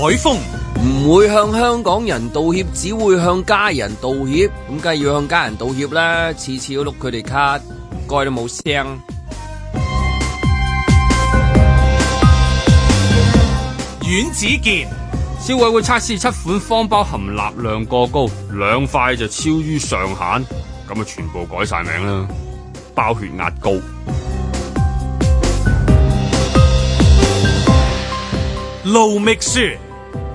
海豐唔會向香港人道歉，只會向家人道歉。咁梗係要向家人道歉啦，次次要碌佢哋卡，改都冇聲。阮子健，消委會測試七款方包含鈉量，量過高，兩塊就超於上限，咁啊全部改晒名啦，包血壓高。盧覓雪。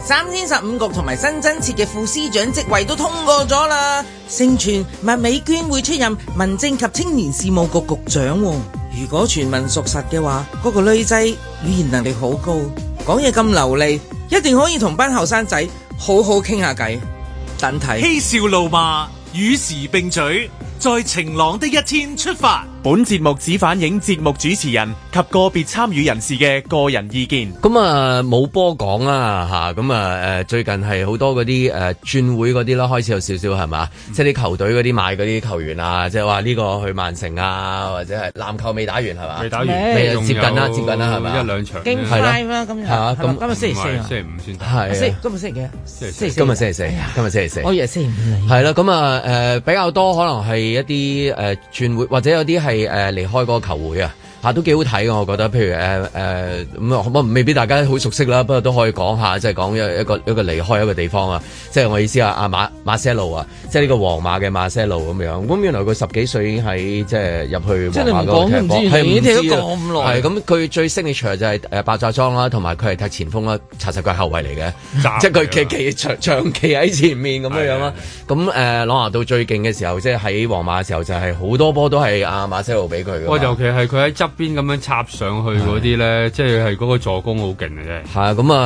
三司十五局同埋新增設嘅副司長職位都通過咗啦，盛傳麥美娟會出任民政及青年事務局局長。如果傳聞屬實嘅話，嗰個女仔語言能力好高，講嘢咁流利，一定可以同班後生仔好好傾下偈。等睇。嬉笑怒罵與時並舉，在晴朗的一天出發。本節目只反映節目主持人及個別參與人士嘅個人意見。咁啊冇波講啦，吓，咁啊誒最近係好多嗰啲誒轉會嗰啲咯，開始有少少係嘛，即係啲球隊嗰啲買嗰啲球員啊，即係話呢個去曼城啊，或者係籃球未打完係嘛？未打完，接近啦，接近啦係嘛？一兩場係咯。今日今日星期四？星期五算。今日星期幾？四。今日星期四？今日星期四。我以為星期五嚟。係啦，咁啊誒比較多可能係一啲誒轉會，或者有啲係。係誒，離開嗰個球會啊！ 下都幾好睇嘅，我覺得，譬如誒誒咁可唔未必大家好熟悉啦，不過都可以講下，即係講一一個一個離開一個地方啊，llo, 即係我意思啊，阿馬馬西路啊，即係呢個皇馬嘅馬西路咁樣。咁原來佢十幾歲已經喺即係入去皇馬嘅踢波，係唔知係咁。佢最 signature 就係誒爆炸裝啦，同埋佢係踢前鋒啦，查實佢係後衞嚟嘅，即係佢其其長期喺前面咁嘅樣啦。咁誒吧，朗拿度最勁嘅時候，即係喺皇馬嘅時候就係好多波都係阿馬西路俾佢嘅。哇、嗯，尤其係佢喺執邊咁樣插上去嗰啲咧，的即係係嗰個助攻好勁嘅啫。係啊，咁、呃、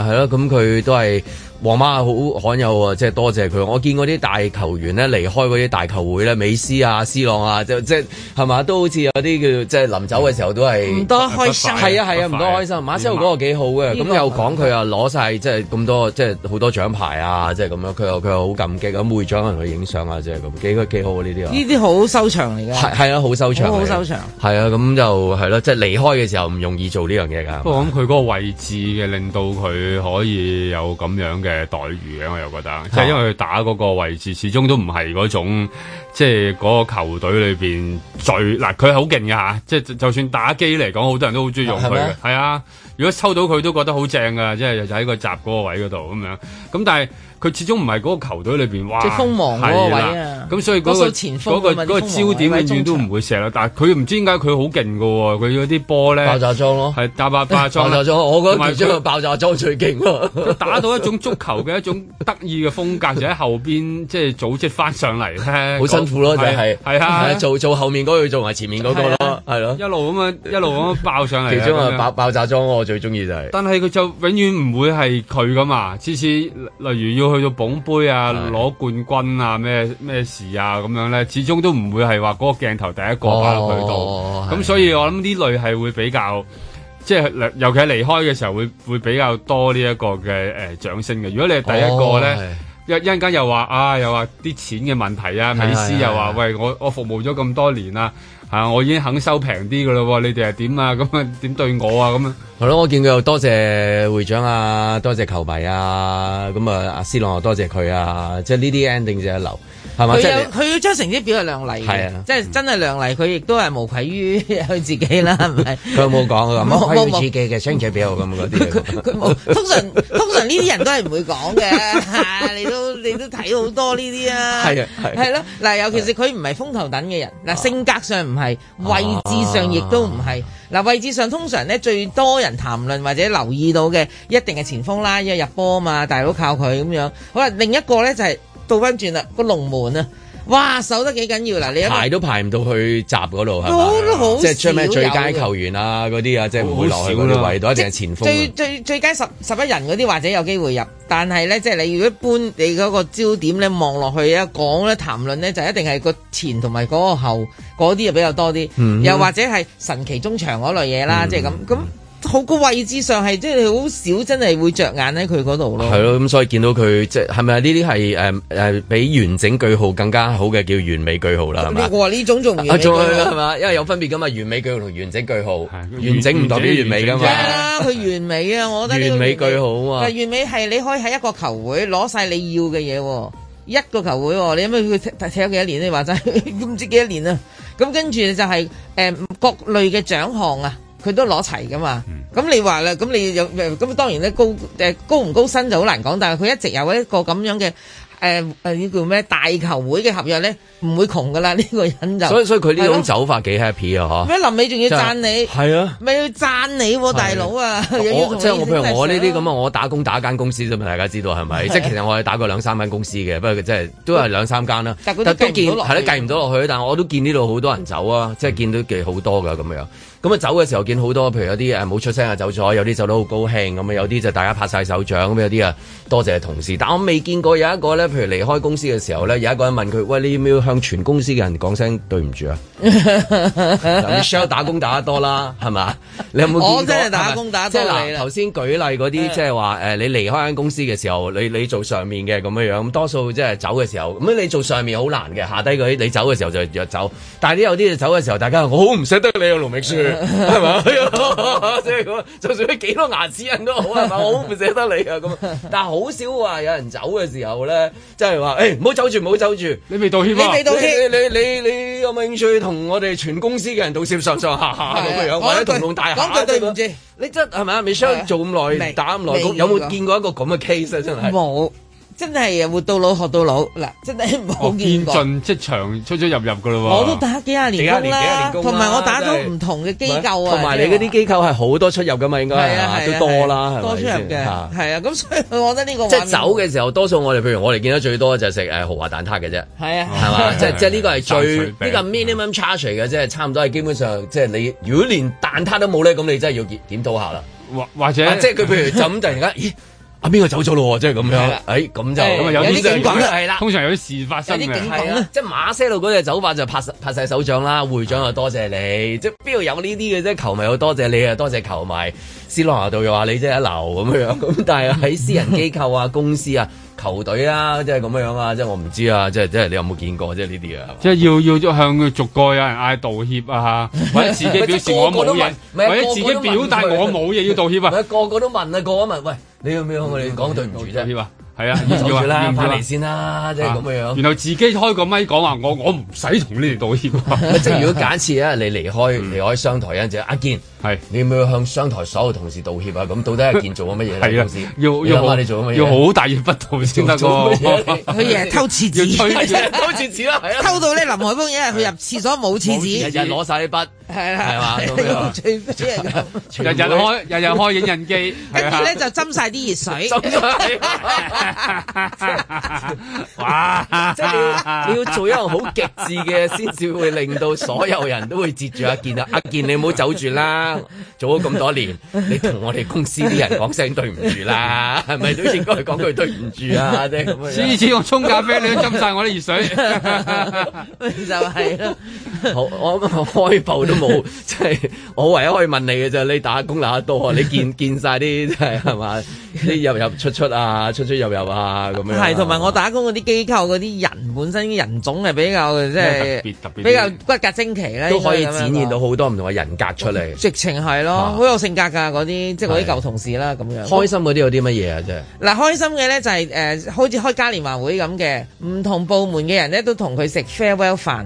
啊，誒係咯，咁佢都係。皇馬好罕有啊，即係多謝佢。我見過啲大球員咧離開嗰啲大球會咧，美斯啊、斯朗啊，就即係係嘛，都好似有啲叫即係臨走嘅時候都係唔多開心。係啊係啊，唔多開心。馬些路嗰個幾好嘅，咁這種 又講佢啊攞晒即係咁多即係好多獎牌啊，即係咁樣。佢話佢好感激咁，每張人去影相啊，即係咁，幾佢幾好啊呢啲呢啲好收場嚟嘅。係啊，好收場，好收場。係啊，咁就係咯，即係離開嘅時候唔容易做呢樣嘢㗎。不過咁佢嗰個位置嘅令到佢可以有咁樣嘅嘅待遇嘅，我又覺得，即係、啊、因為佢打嗰個位置，始終都唔係嗰種，即係嗰個球隊裏邊最嗱，佢係好勁㗎吓，即係、啊、就算打機嚟講，好多人都好中意用佢嘅，係嗎啊，如果抽到佢都覺得好正㗎，即係就喺、是、個閘嗰個位嗰度咁樣，咁、嗯、但係。佢始終唔係嗰個球隊裏邊，哇！最鋒芒嗰個位啊，咁所以嗰個嗰個焦點永遠都唔會射啦。但係佢唔知點解佢好勁㗎喎，佢嗰啲波咧爆炸裝咯，係爆炸炸裝，我覺得其中個爆炸裝最勁。打到一種足球嘅一種得意嘅風格，就喺後邊即係組織翻上嚟好辛苦咯，就係係啊，做做後面嗰個做埋前面嗰個咯，係咯，一路咁樣一路咁樣爆上嚟。其中啊，爆爆炸裝我最中意就係，但係佢就永遠唔會係佢㗎嘛。次次例如要。去到捧杯啊，攞是的 冠軍啊，咩咩事啊，咁樣咧，始終都唔會係話嗰個鏡頭第一個擺到佢度，咁、哦、所以我諗呢類係會比較，即係尤其係離開嘅時候會會比較多呢一個嘅誒掌聲嘅。如果你係第一個咧，一一陣間又話啊，又話啲錢嘅問題啊，美斯的又話是的 喂，我我服務咗咁多年啊。啊！我已經肯收平啲㗎喇喎，你哋係點啊？咁啊點對我啊？咁啊，係咯！我見佢又多謝會長啊，多謝球迷啊，咁啊阿 C 朗又多謝佢啊，即係呢啲 ending 就一流。佢有佢要將成績表係亮麗嘅，啊、即係真係亮麗，佢亦都係無愧於佢自己啦，係咪 有冇？佢冇講，佢咁開要自己嘅，相處比較咁啲。佢冇， 通常通常呢啲人都係唔會講嘅、 啊。你都你都睇好多呢啲啊。係啊，係、啊。係咯，嗱，尤其是佢唔係風頭躉嘅人，嗱、啊、性格上唔係，位置上亦都唔係。嗱、啊、位置上通常咧最多人談論或者留意到嘅，一定係前鋒啦，因為入波啊嘛，大佬靠佢咁樣。好啦，另一個咧就係、是。倒翻轉啦，個龍門啊，哇，守得幾緊要啦！你一排都排唔到去閘嗰度係嘛？即係出咩最佳球員啊，嗰啲啊，些即係唔會落去嗰啲位度，一定係前鋒即最。最最最佳十十一人嗰啲，或者有機會入，但係咧，即係你如果搬你嗰個焦點咧，望落去一個網咧，談論咧，就一定係個前同埋嗰個後嗰啲又比較多啲，嗯、哼又或者係神奇中場嗰類嘢啦，即係咁咁。嗯好個位置上係即係好少，真係會着眼喺佢嗰度咯。係咯，咁所以見到佢即係咪呢啲係，誒誒，比完整句號更加好嘅叫完美句號啦。我話呢種仲，仲係嘛？因為有分別噶嘛，完美句號同完整句號，的完，完整唔代表完美噶嘛。佢完美啊，我覺得完美， 完美句號啊。但完美係你可以喺一個球會攞晒你要嘅嘢，啊，一個球會，啊，你有冇佢踢咗幾多年？你話齋唔知幾多年啊。咁跟住就係誒各類嘅獎項啊。佢都攞齊噶嘛？咁你話啦，咁你咁當然咧，高誒高唔高薪就好難講。但係佢一直有一個咁樣嘅誒誒，叫咩大球會嘅合約咧，唔會窮噶啦。呢個人就所以，所以佢呢種走法幾 happy 啊！嗬，咁啊臨尾仲要讚你係啊？咪要讚你喎，大佬啊！即係我譬如我呢啲咁啊，我打工打一間公司啫嘛，大家知道係咪？即係其實我係打過兩三間公司嘅，不過真係都係兩三間啦。但係都見係計唔到落去。但係我都見呢度好多人走啊，即係見到幾好多噶咁樣。咁啊走嘅時候見好多，譬如有啲誒冇出聲啊走咗，有啲走得好高興咁啊，有啲就大家拍晒手掌咁有啲啊多謝同事。但我未見過有一個咧，譬如離開公司嘅時候咧，有一個人問佢：喂，你要唔要向全公司嘅人講聲對唔住啊？你 share 打工打得多啦，係咪？你有冇 過？我真係打工打得嚟嗱，頭先 舉例嗰啲， 即係話誒，你離開間公司嘅時候，你你做上面嘅咁樣樣，多數即係走嘅時候咁你做上面好難嘅，下低嗰你走嘅時候就約走。但係啲有啲走嘅時候，大家我好唔捨得你啊，龍尾書。係咪，即係咁，就算你幾多牙齒人都好，係咪，好唔捨得你啊咁。但係好少話有人走嘅時候咧，即係話，誒、欸，唔好走住，唔好走住，你未道歉，啊、你未道歉，你你你有冇興趣同我哋全公司嘅人道歉上上下下咁嘅樣，啊、或者同龍大下下咁。講句對唔住，你真係咪？未相處做咁耐，啊、打咁耐工，未未有冇見過一個咁嘅 case 啊？真係冇。真係活到老學到老嗱，真係好見過。我堅進職場出出入入噶咯喎。我都打幾廿年工啦，同埋我打咗唔同嘅機構啊。同埋你嗰啲機構係好多出入噶嘛，應該係都多啦，多出入嘅係啊，咁所以我覺得呢個即係走嘅時候，多數我哋譬如我哋見得最多就係食誒豪華蛋撻嘅啫。係啊，係嘛？即即係呢個係最呢個 minimum charge 嘅啫，差唔多係基本上即係你如果連蛋撻都冇咧，咁你真係要檢討下啦。或或者即係佢譬如就突然間咦？阿邊個走咗咯？即係咁樣，誒的，咁、哎、就咁啊，的就有啲驚啦，係啦，通常有啲事發生嘅，係即係馬西路嗰隻走法就拍晒拍晒手掌啦，會長啊，多謝你，即係邊度有呢啲嘅啫，球迷好多謝你啊，多謝球迷，斯諾亞度又話你即係一流咁樣，咁但係喺私人機構啊， 公司啊。球隊啊，即係咁樣啊！即係我唔知啊！即係即係你有冇見過？即係呢啲啊！即係要要向佢逐個有人嗌道歉啊！ 或者自己表示我冇嘢， 或者自己表達我冇嘢 要道歉啊！個 個都問啊，個個問，喂，你要唔要？我哋講對唔住啫。 係啊，忍住啦，翻嚟先啦，即係咁嘅樣。然後自己開個咪講話，我我唔使同你哋道歉。即係如果假設啊，你離開離開商台嗰陣時，阿健係你有冇要向商台所有同事道歉啊？咁到底阿健做咗乜嘢？係啊，要要啊，你做乜嘢？要好大筆賠先得喎。佢日日偷廁紙，偷偷到咧林海峰，一日去入廁所冇廁紙，日日攞晒啲筆，係啦，係嘛？最最日日日開日日開影印機，跟住咧就斟晒啲熱水。 哇 即！即係你要做一樣好極致嘅，先至會令到所有人都會截住阿健，啊！ 阿健，你唔好走住啦！做咗咁多年，你同我哋公司啲人講聲對唔住啦，係咪都應該講句對唔住啊？即係次次我沖咖啡，你都斟晒我啲熱水， 就係咯。好，我開步都冇，即、就、係、是、我唯一可以問你嘅就係、是，你打工打得多，你見見晒啲即係，係嘛？你入入出出啊，出出入入。係咁樣？係，同埋我打工嗰啲機構嗰啲人本身啲人種係比較特別，即係，比較骨骼精奇咧，都可以展現到好多唔同嘅人格出嚟。嗯、直情係咯，好、啊、有性格噶嗰啲，即係嗰啲舊同事些些、啊、啦咁樣。開心嗰啲有啲乜嘢啊？即係嗱，開心嘅咧就係誒，好似開嘉年華會咁嘅，唔同部門嘅人咧都同佢食 farewell 飯。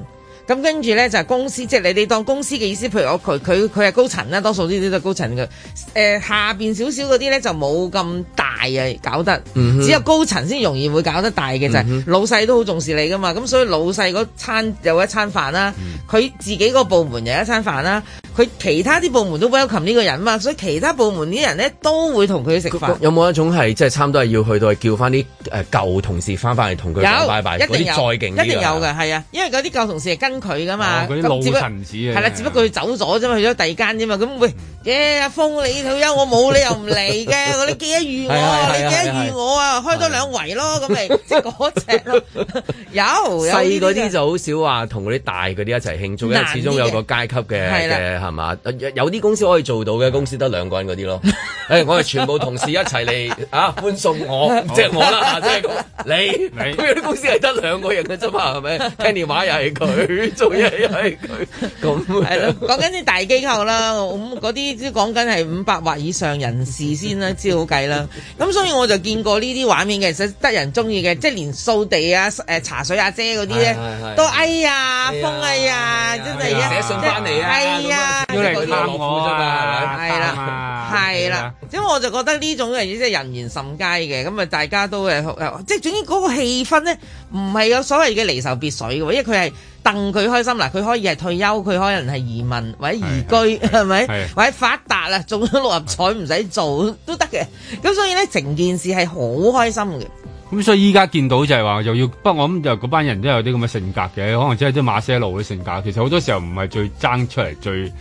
咁跟住呢，就係、是、公司，即係你哋當公司嘅意思，譬如我佢佢佢係高層啦，多數呢啲都係高層嘅。誒、呃、下邊少少嗰啲呢，就冇咁大啊，搞得、mm hmm。只有高層先容易會搞得大嘅、mm hmm。就係老細都好重視你噶嘛，咁所以老細嗰餐有一餐飯啦、啊，佢、mm hmm。自己個部門有一餐飯啦、啊。佢其他啲部門都 welcome 呢個人啊嘛，所以其他部門啲人咧都會同佢食飯。有冇一種係即係差唔多係要去到叫翻啲誒舊同事翻翻嚟同佢拜拜？一定有，一定有嘅，係啊，因為嗰啲舊同事係跟佢噶嘛。老臣子啊，係啦，只不過佢走咗啫嘛，去咗第二間啫嘛，咁喂，耶阿峰，你退休我冇理由唔嚟嘅，你記得遇我，你記得遇我啊，開多兩圍咯，咁咪即係嗰隻咯。有細嗰啲就好少話同嗰啲大嗰啲一齊慶祝，因為始終有個階級嘅。係嘛？有啲公司可以做到嘅公司得兩個人嗰啲咯。誒，我哋全部同事一齊嚟啊，歡送我，即係我啦，即係你你。有啲公司係得兩個人嘅啫嘛，係咪？聽電話又係佢，做嘢又係佢。咁係咯。講緊啲大機構啦，咁嗰啲講緊係五百或以上人士先啦，先好計啦。咁所以我就見過呢啲畫面嘅，其實得人中意嘅，即係連掃地啊、誒茶水阿姐嗰啲咧，都哎呀、風哎呀，真係寫信翻嚟啊，係啊！要嚟吓我嘛，啊？係啦，係啦，因為我就覺得呢種嘅嘢，即係人言甚佳嘅，咁啊大家都誒即係總之嗰個氣氛咧唔係有所謂嘅離愁別緒嘅，因為佢係戥佢開心嗱，佢可以係退休，佢可能係移民或者移居，係咪？或者發達啦，中咗六合彩唔使做都得嘅，咁所以咧成件事係好開心嘅。咁、嗯、所以依家見到就係話又要，不過我諗就嗰班人都有啲咁嘅性格嘅，可能即係啲馬塞路嘅性格，其實好多時候唔係最爭出嚟，最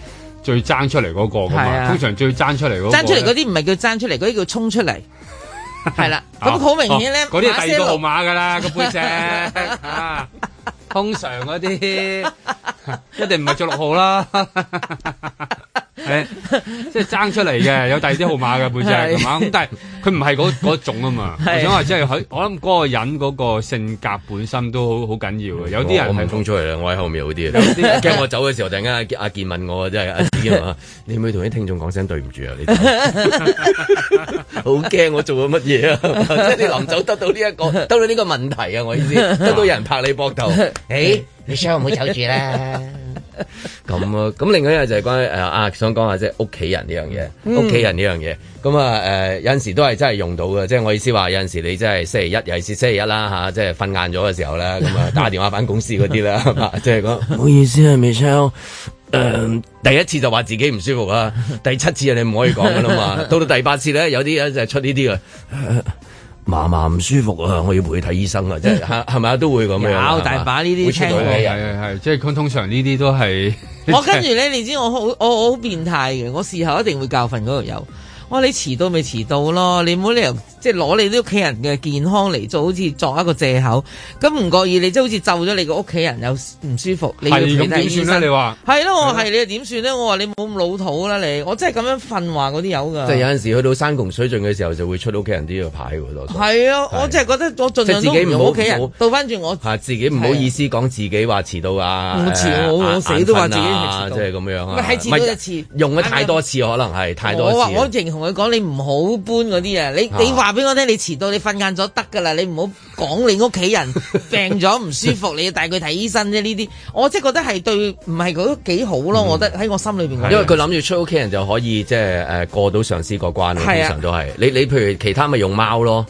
最爭出嚟嗰個嘛，啊、通常最爭出嚟嗰個爭出嚟嗰啲唔係叫爭出嚟，嗰啲叫衝出嚟，係啦。咁好明顯咧，嗰啲、啊、第二個號碼馬噶啦個背脊，通常嗰啲 一定唔係着六號啦。 即係爭出嚟嘅，有第二啲號碼嘅背脊，係是嘛？咁但係佢唔係嗰嗰種啊嘛。我想話，即係我諗嗰個人嗰個性格本身都好好緊要嘅。有啲人係衝出嚟啦，我喺後面好啲。 有啲人驚我走嘅時候，突然間阿、啊、健問我，即係阿子啊，你可唔可以同啲聽眾講聲對唔住啊？你好驚 我做咗乜嘢啊？ 即係你臨走得到呢、這、一個，得到呢個問題啊？我意思 得到有人拍你膊頭。誒、 欸，你想後唔好走住啦。 咁 啊，咁另外一樣就係關於誒啊，想講下即係屋企人呢、嗯、樣嘢、啊，屋企人呢樣嘢，咁啊誒有陣時都係真係用到嘅，即、就、係、是、我意思話有陣時你真係星期一尤其似星期一啦吓，即係瞓晏咗嘅時候咧，咁啊打電話翻公司嗰啲啦，即係講唔好意思啊 m i 第一次就話自己唔舒服啊，第七次啊你唔可以講噶啦嘛，到到第八次咧有啲人就出呢啲啊。嫲嫲唔舒服啊！我要陪佢睇醫生啊！即係係咪啊？都會咁樣，有係係大把呢啲些聽係係，即係通常呢啲都係 我跟住咧，你知我好我我好變態嘅，我事後一定會教訓嗰個友。你遲到咪遲到咯，你冇理由，即係攞你啲屋企人嘅健康嚟做好似作一個藉口，咁唔覺意你即係好似咒咗你個屋企人又唔舒服，你要請大夫醫生咧，你話係咯，我係你又點算咧？我話你冇咁老土啦，你我真係咁樣訓話嗰啲有噶。即係有陣時去到山窮水盡嘅時候就會出屋企人啲嘅牌喎，多數係啊，我真係覺得我儘量自己唔好。即係自己倒翻轉我。自己唔好意思講自己話遲到啊，唔遲我死都話自己遲到啊，即係咁樣啊。唔一次，用咗太多次，可能係太多次。我我形同佢講你唔好搬嗰啲啊！你你話俾我聽，你遲到你瞓晏咗得㗎啦！你唔好講你屋企人病咗唔舒服，你要帶佢睇醫生啫！呢啲我即係覺得係對唔係嗰幾好咯，嗯、我覺得喺我心裏邊。因為佢諗住出屋企人就可以即係誒過到上司嗰關啊，的通常都係你你譬如其他咪用貓咯。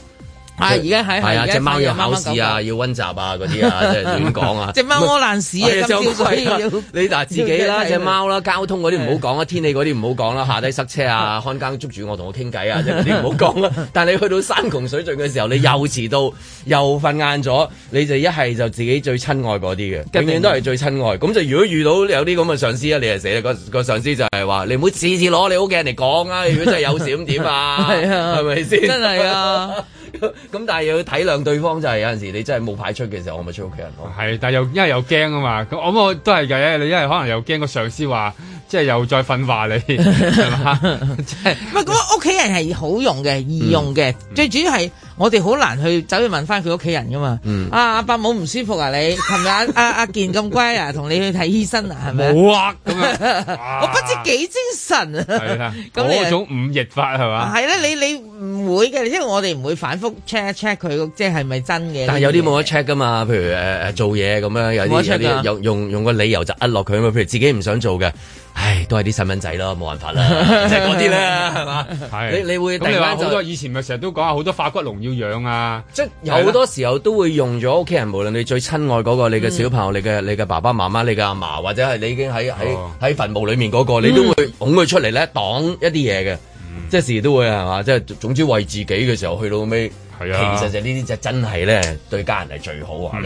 係而家係，係啊！隻貓要考試啊，要溫習啊，嗰啲啊，即係亂講啊！隻貓屙爛屎啊，今朝早要你嗱自己啦，隻貓啦，交通嗰啲唔好講啦，天氣嗰啲唔好講啦，下低塞車啊，看更捉住我同我傾偈啊，即係嗰啲唔好講啦。但係你去到山窮水盡嘅時候，你又遲到又瞓晏咗，你就一係就自己最親愛嗰啲嘅，永遠都係最親愛。咁就如果遇到有啲咁嘅上司啊，你啊死啦！個上司就係話，你唔好次次攞你屋企人嚟講啊！如果真係有事咁點啊？係啊，係咪先？真係啊！咁 但係要體諒對方，就係、是、有陣時你真係冇排出嘅時候，我咪出屋企人咯。係，但係又因為又驚啊嘛，咁我都係嘅。你因為可能又驚個上司話。即係又再分化你，係嘛 吧？唔係咁，屋企人係好用嘅，易用嘅。嗯、最主要係我哋好難去走去問翻佢屋企人噶嘛。阿阿伯母唔舒服啊你，你琴日阿阿健咁乖啊，同你去睇醫生啊，係咪啊？好啊， 我不知幾精神啊。係 啦是，嗰 你種忤逆法係嘛？係啦、啊，你你唔會嘅，因為我哋唔會反覆 check 一 check 佢，即係係咪真嘅？但係有啲冇得 check 噶嘛，譬如誒、呃、做嘢咁樣，有啲、啊、有啲用用用個理由就呃落佢嘛，譬如自己唔想做嘅。唉，都係啲細蚊仔咯，冇辦法啦，即係嗰啲咧，係嘛？係你你會咁又好多以前咪成日都講下好多化骨龍要養啊，即係好多時候都會用咗屋企人，無論你最親愛嗰個你嘅小朋友、你嘅你嘅爸爸媽媽、你嘅阿嫲、或者係你已經喺喺喺墳墓裏面嗰個，你都會捧佢出嚟，咧擋一啲嘢嘅，即係時都會，係嘛？即係總之為自己嘅時候去到尾，係啊，其實就呢啲就真係咧對家人係最好啊。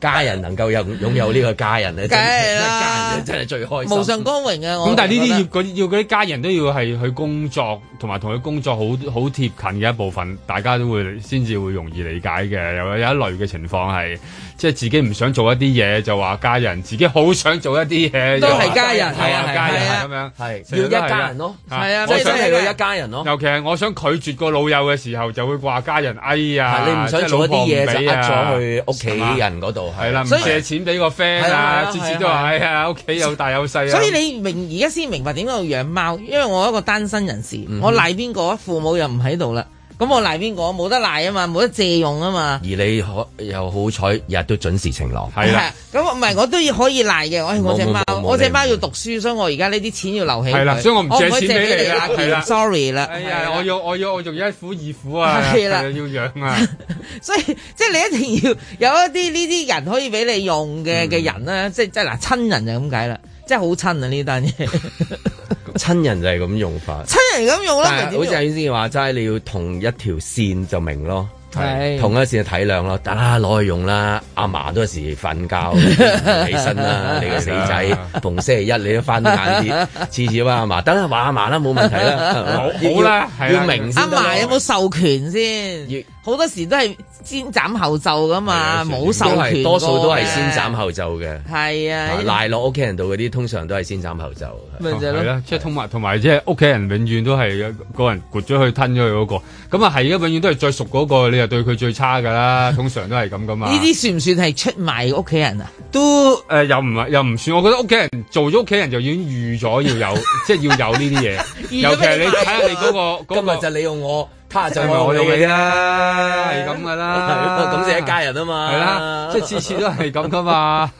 家人能夠有擁有呢個家人咧，真係家人真係最開心，無上光榮啊！咁但係呢啲要嗰要啲家人都要係去工作，同埋同佢工作好好貼近嘅一部分，大家都會先至會容易理解嘅。有有一類嘅情況係。即係自己唔想做一啲嘢就話家人，自己好想做一啲嘢都係家人，係啊，家人咁樣係要一家人咯，係啊，即係真係要一家人咯。尤其係我想拒絕個老友嘅時候，就會話家人，哎呀，你唔想做一啲嘢就噏咗去屋企人嗰度係啦。唔使借錢俾個 friend 啊，次次都話係啊，屋企有大有細。所以你明而家先明白點解要養貓，因為我一個單身人士，我賴邊個？父母又唔喺度啦。咁我賴邊個？冇得賴啊嘛，冇得借用啊嘛。而你可又好彩日日都準時承諾。係啦。咁唔係我都要可以賴嘅。我我隻貓，我隻貓要讀書，所以我而家呢啲錢要留起。係啦，所以我唔借錢俾你啦。Sorry 啦。哎呀，我要我要我仲有一苦二苦啊！要養啊！所以即係你一定要有一啲呢啲人可以俾你用嘅嘅人啦。即係即係嗱，親人就咁解啦。即係好親呀呢單嘢。親人就係咁用法，親人咁用啦。好似阿宇先話齋，你要同一條線就明咯，係同一線就體諒咯。等下攞去用啦。阿嫲都有時瞓覺起身啦，你個死仔，逢星期一你都翻眼睫，次次話阿嫲，等下話阿嫲啦，冇問題啦，好啦，要明先。阿嫲有冇授權先？好多時都係先斬後奏噶嘛，冇授權，多數都係先斬後奏嘅。係啊，賴落屋企人度嗰啲，通常都係先斬後奏。咩啫？即係通埋同埋，即係屋企人永遠都係個個人攰咗去吞咗去嗰個。咁啊，係啊，永遠都係最熟嗰個，你又對佢最差噶啦。通常都係咁噶嘛。呢啲算唔算係出賣屋企人啊？都誒，又唔又唔算。我覺得屋企人做咗屋企人，就已經預咗要有，即係要有呢啲嘢。尤其係你睇下你嗰個，今日就你用我。啊、就係我哋嘅啦，係咁嘅啦，咁就係一家人啊嘛，係啦、啊，即係次次都係咁噶嘛，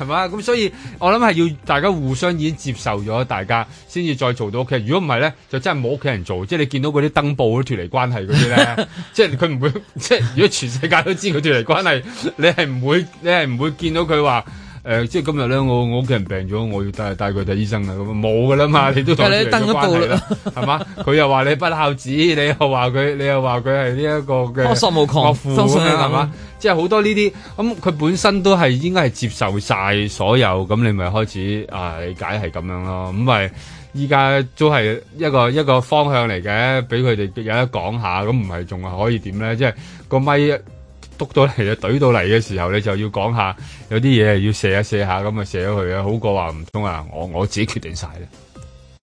係嘛？ 咁所以我諗係要大家互相已經接受咗，大家先至再做到屋企。如果唔係咧，就真係冇屋企人做。即係你見到嗰啲登報都脱離關係嗰啲咧， 即係佢唔會。即係如果全世界都知佢脱離關係，你係唔會，你係唔會見到佢話。誒、呃，即係今日咧，我我屋企人病咗，我要帶帶佢睇醫生啊，咁冇噶啦嘛，你都同佢哋有關係啦，係嘛？佢又話你不孝子， 你又話佢，你又話佢係呢一個嘅岳父啊，係嘛？嗯、即係好多呢啲，咁、嗯、佢本身都係應該係接受晒所有，咁你咪開始啊理解係咁樣咯。咁咪依家都係一個一個方向嚟嘅，俾佢哋有得講下，咁唔係仲係可以點咧？即係個咪。捉到嚟就懟到嚟嘅時候，你就要講下有啲嘢，係要射下射下咁啊射咗佢啊，好過話唔通啊，我我自己決定晒啦。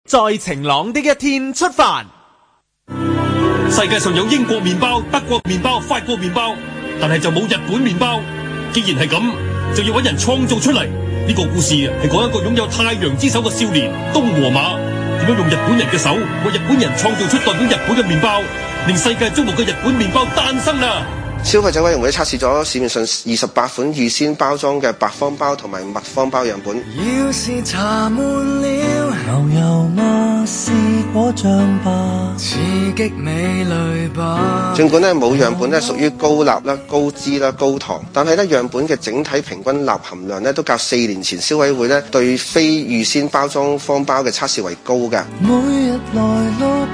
在晴朗一的一天出發，世界上有英國麵包、德國麵包、法國麵包，但係就冇日本麵包。既然係咁，就要搵人創造出嚟。呢、這個故事係講一個擁有太陽之手嘅少年東和馬，點樣用日本人嘅手為日本人創造出代表日本嘅麵包，令世界矚目嘅日本麵包誕生啦！消費者委員會測試咗市面上二十八款預先包裝嘅白方包同埋麥方包、嗯、管樣本。儘管咧，冇樣本咧屬於高鈉啦、高脂啦、高糖，但係呢樣本嘅整體平均鈉含量咧都較四年前消委會咧對非預先包裝方包嘅測試為高嘅。每日來落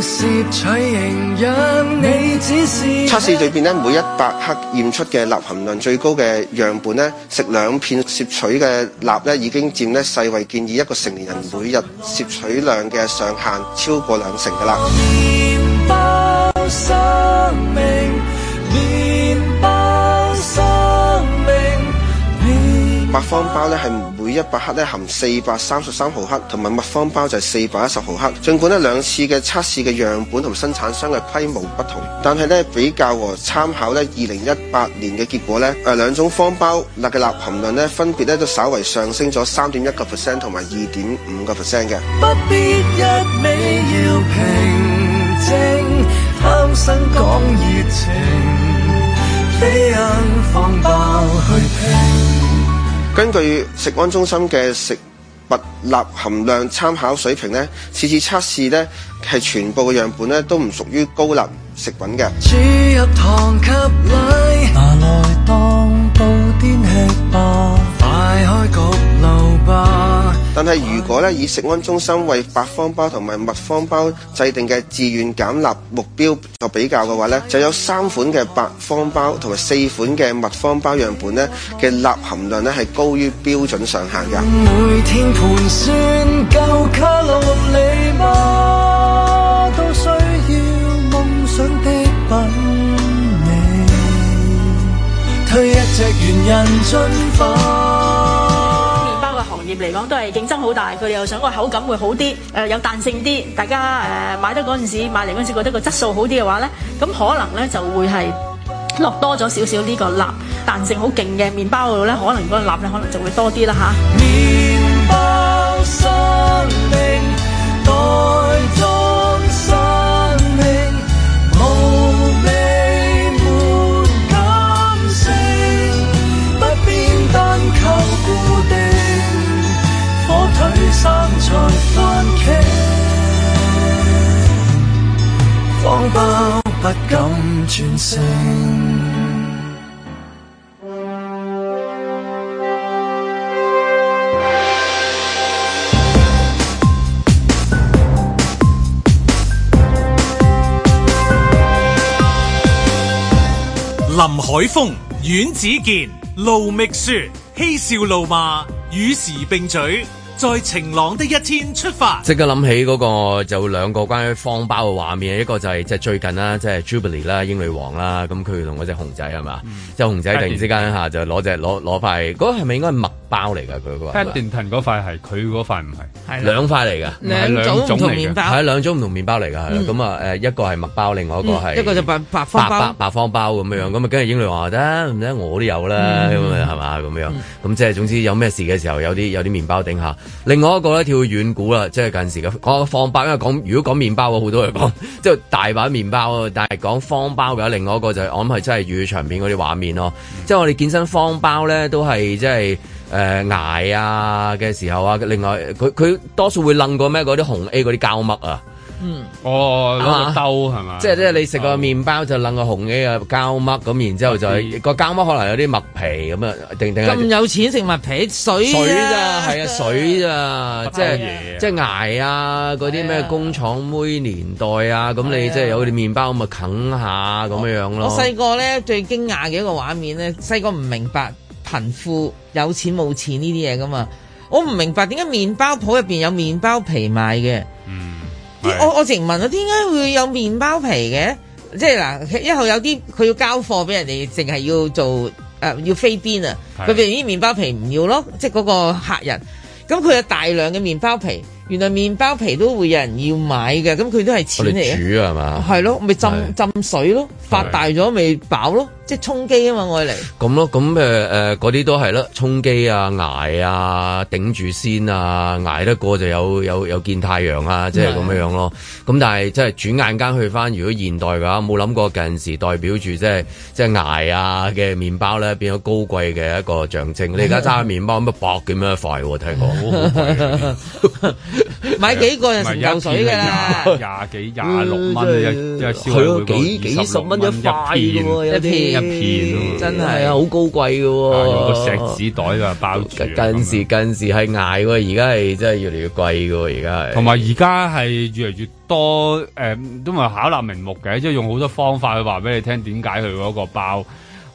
測試裡邊咧，每一百克驗出嘅鈉含量最高嘅樣本咧，食兩片攝取嘅鈉咧，已經占咧世衛建議一個成年人每日攝取量嘅上限超過兩成噶啦。白方包咧係每一百克咧含四百三十三毫克，同埋麥方包就係四百一十毫克。儘管呢兩次嘅測試嘅樣本同生產商嘅規模不同，但係咧比較和參考咧二零一八年嘅結果咧，誒，兩種方包鈉嘅鈉含量咧分別咧都稍為上升咗三點一個 percent 同埋二點五個 percent 嘅。不必一味要平心情，放去根據食安中心嘅食物鈉含量參考水平，呢次次測試呢，係全部嘅樣本呢都唔屬於高鈉食品嘅。注入糖拿來當布甸食吧，快開焗爐吧。但係如果咧以食安中心為白方包同埋麥方包製定嘅自願減鈉目標作比較嘅話咧，就有三款嘅白方包同埋四款嘅麥方包樣本咧嘅鈉含量咧係高於標準上限嘅。品味。猿人進化。業嚟講都係競爭好大，佢又想個口感會好啲，誒有彈性啲，大家誒買得嗰陣時買嚟嗰陣時覺得個質素好啲嘅話咧，咁可能咧就會係落多咗少少呢個蠟彈性好勁嘅麵包嗰度咧，可能嗰個蠟咧可能就會多啲啦嚇。放不敢全聲林海峰、阮子健、盧覓雪嬉笑怒罵，與時並進。在晴朗的一天出發、那個，即刻諗起嗰個就兩個關於方包嘅畫面，一個就係即係最近啦，即、就、係、是、Jubilee 啦，英女王啦，咁佢同隻熊仔係嘛？是是嗯、就熊仔突然之間一下就攞隻攞攞塊，嗰個係咪應該係麥。包嚟噶佢嗰個，黑蛋騰嗰塊係佢嗰塊唔係，係一兩塊嚟㗎，兩種唔同麵包，係、啊、兩種唔同麵包嚟㗎。咁、嗯、啊誒、嗯啊，一個係麥包，另外一個係一個就白白方包，白、嗯、方包咁樣咁啊，梗係英女話得唔得？我都有啦，咁啊係嘛咁樣咁、嗯、即係總之有咩事嘅時候有啲有啲麵包頂下。另外一個咧跳遠古啦，即係近時嘅講方包，因為講如果講麵包嘅好多人講， 即係大把麵包，但係講方包嘅。另外一個就係、我諗係真係與場面嗰啲畫面咯、啊嗯，即係我哋健身方包咧都係即係。誒，捱啊嘅時候啊，另外佢佢多數會冧過咩嗰啲紅 A 嗰啲膠麥啊，嗯，哦，攪個兜係嘛，即係即係你食個麵包就冧個紅 A 啊膠麥，咁然之後就係個膠麥可能有啲麥皮咁啊，定定咁有錢食麥皮水水咋係啊水咋，即係即係捱啊嗰啲咩工廠妹年代啊，咁你即係有啲麵包咁啊啃下咁樣樣咯。我細個咧最驚訝嘅一個畫面咧，細個唔明白。貧富有錢冇錢呢啲嘢噶嘛？我唔明白點解麵包鋪入邊有麵包皮賣嘅，嗯？我我直問啊，點解會有麵包皮嘅？即係嗱，一後有啲佢要交貨俾人哋，淨係要做誒、呃、要飛邊啊，佢譬如啲麵包皮唔要咯，即係嗰個客人，咁佢有大量嘅麵包皮。原來麵包皮都會有人要買嘅，咁佢都係錢嚟嘅。我哋煮係嘛？係咯，咪浸浸水咯，發大咗咪飽咯，即係充飢啊嘛，愛嚟。咁咯，咁誒誒，嗰、呃、啲都係咯，充飢啊，挨啊，頂住先啊，挨得過就有有有見太陽啊，即係咁樣樣咯。咁是但係即係轉眼間去翻，如果現代嘅話，冇諗過近陣時代表住即係即係挨啊嘅麵包咧，變咗高貴嘅一個象徵。你而家揸個麵包咁啊薄咁樣一塊，睇我。 買幾個就成嚿水嘅，廿幾廿六蚊一一片，係咯，幾幾十蚊一片，一片，真係啊，好高貴嘅喎，用個錫紙袋就包住。近 時近時係捱，而家係真係越嚟越貴嘅，而家係。同埋而家係越嚟越多，誒、呃，都係巧立名目嘅，即、就、係、是、用好多方法去話俾你聽點解佢嗰個包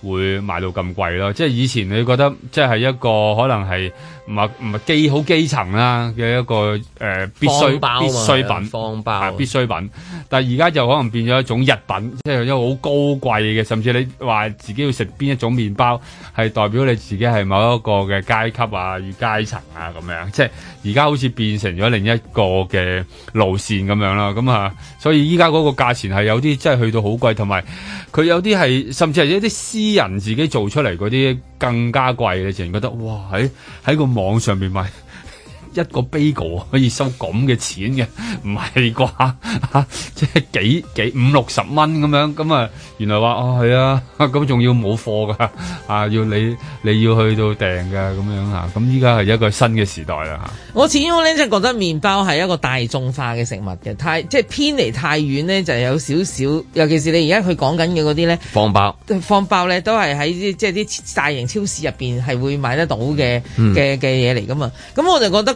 會賣到咁貴咯。即係以前你覺得，即係一個可能係。唔係唔係基好基層啦嘅一個誒、呃、必須方包必需品，方包啊，必需品，但係而家就可能變咗一種日品，即係一好高貴嘅，甚至你話自己要食邊一種麵包，係代表你自己係某一個嘅階級啊、與階層啊咁樣，即係而家好似變成咗另一個嘅路線咁樣啦。咁啊，所以依家個價錢係有啲真係去到好貴同埋佢有啲係甚至係一啲私人自己做出嚟，啲更加貴嘅，你成覺得哇喺喺個。網上面買？一個 bagel 可以收咁嘅錢嘅，唔係啩？即 係幾幾五六十蚊咁樣，咁啊，原來話哦係啊，咁仲要冇貨噶啊，要你你要去到訂嘅咁樣嚇，咁依家係一個新嘅時代啦嚇。我始終咧就覺得麵包係一個大眾化嘅食物嘅，太即係、即係、偏離太遠咧，就有少少，尤其是你而家佢講緊嘅嗰啲咧，方包爆，方包咧都係喺即係啲大型超市入邊係會買得到嘅嘅嘅嘢嚟噶嘛，咁、嗯、我就覺得。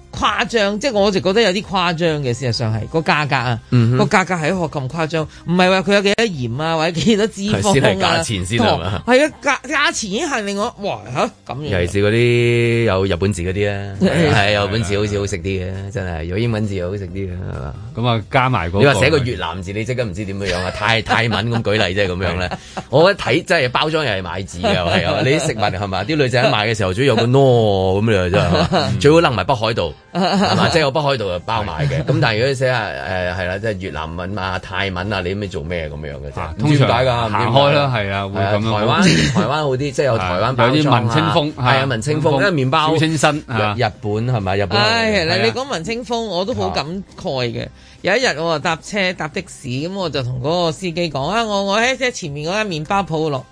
誇張，即係我就覺得有啲誇張嘅，事實上係個價格啊，個價格係一學咁誇張，唔係話佢有幾多鹽啊，或者幾多脂肪啊，先係價錢先係嘛？係啊，價價錢已經係令我哇咁樣，尤其是嗰啲有日本字嗰啲咧，係日本字好似好食啲嘅，真係有英文字又好食啲嘅，係嘛？咁啊加埋嗰，你話寫個越南字，你即刻唔知點樣樣啊？泰泰文咁舉例即係咁樣咧，我覺得睇即係包裝又係買字嘅，係啊，你啲食物係嘛？啲女仔喺買嘅時候最有個 no 咁樣真係，最好掹埋北海道。啊即係有北海道又包埋嘅，咁但係如果你寫下誒係啦，即係越南文啊、泰文啊，你咁樣做咩咁樣嘅啫？唔知點解㗎，行開啦，係啊，會咁台灣台灣好啲，即係有台灣有啲文青風，係啊文青風，即係麵包超清新。日本係咪日本？唉，其實你講文青風我都好感慨嘅。有一日我就搭車搭的士，咁我就同嗰個司機講啊，我我喺車前面嗰間麵包鋪落。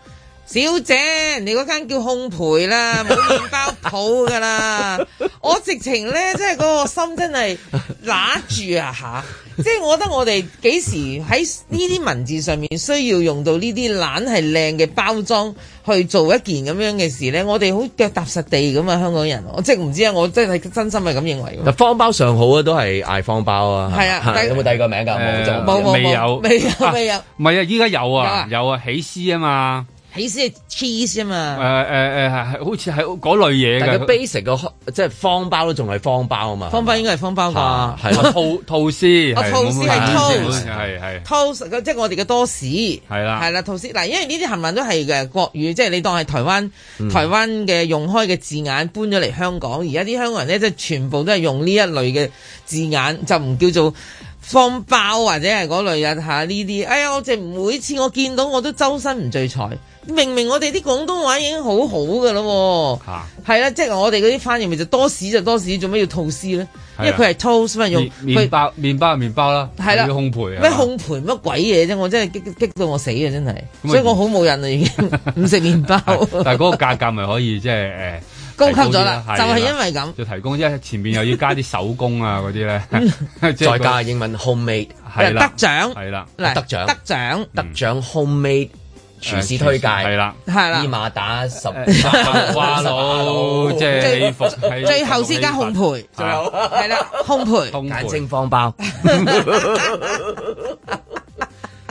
小姐，你嗰間叫烘焙啦，冇麵包鋪噶啦。 我直情咧，真係嗰個心真係攣住啊吓、啊！即係我覺得我哋幾時喺呢啲文字上面需要用到呢啲懶係靚嘅包裝去做一件咁樣嘅事咧？我哋好腳踏實地噶嘛，香港人。我即係唔知啊，我真係真心係咁認為。但方包上好啊，都係嗌方包啊。係啊，有冇第二個名噶？冇、欸，冇，冇，未有，未有，未有。唔係啊，依家有啊，有啊，起詩啊嘛。起司係 cheese 啊嘛，誒誒誒係係好似係嗰類嘢嘅。但係 basic 嘅即係方包都仲係方包啊嘛，方包應該係方包啩，啊 吐吐司，啊 是吐司係 toast，係係，toast 即係我哋嘅多士，係啦的，係啦，吐司嗱，因為呢啲冚唪唥都係嘅國語，即係你當係台灣，嗯，台灣嘅用開嘅字眼搬咗嚟香港，而家啲香港人咧即係全部都係用呢一類嘅字眼，就唔叫做。放爆或者係嗰類日吓呢啲，哎呀！我即每次我見到我都周身唔聚財，明明我哋啲廣東話已經好好噶咯，係啦、啊，即係、啊就是、我哋嗰啲翻譯咪就多屎就多屎，做咩要吐司咧？因為佢係吐 o a 翻用麵包麵他包係麵包啦，係啦、啊，要烘盤咩烘焙？乜鬼嘢啫？我真係激激，激到我死啊！真係，嗯、所以我好冇癮啊，已經唔食麵包。 但係嗰個價格咪可以即係誒？就是高級咗啦，就係因為咁。就提供即係前邊又要加啲手工啊嗰啲咧。再加英文 homemade 係啦，得獎係啦，得獎得獎得獎 homemade 廚師推介係啦係啦，伊馬打十花佬即係最後先加烘焙，係啦，烘焙眼睛方包。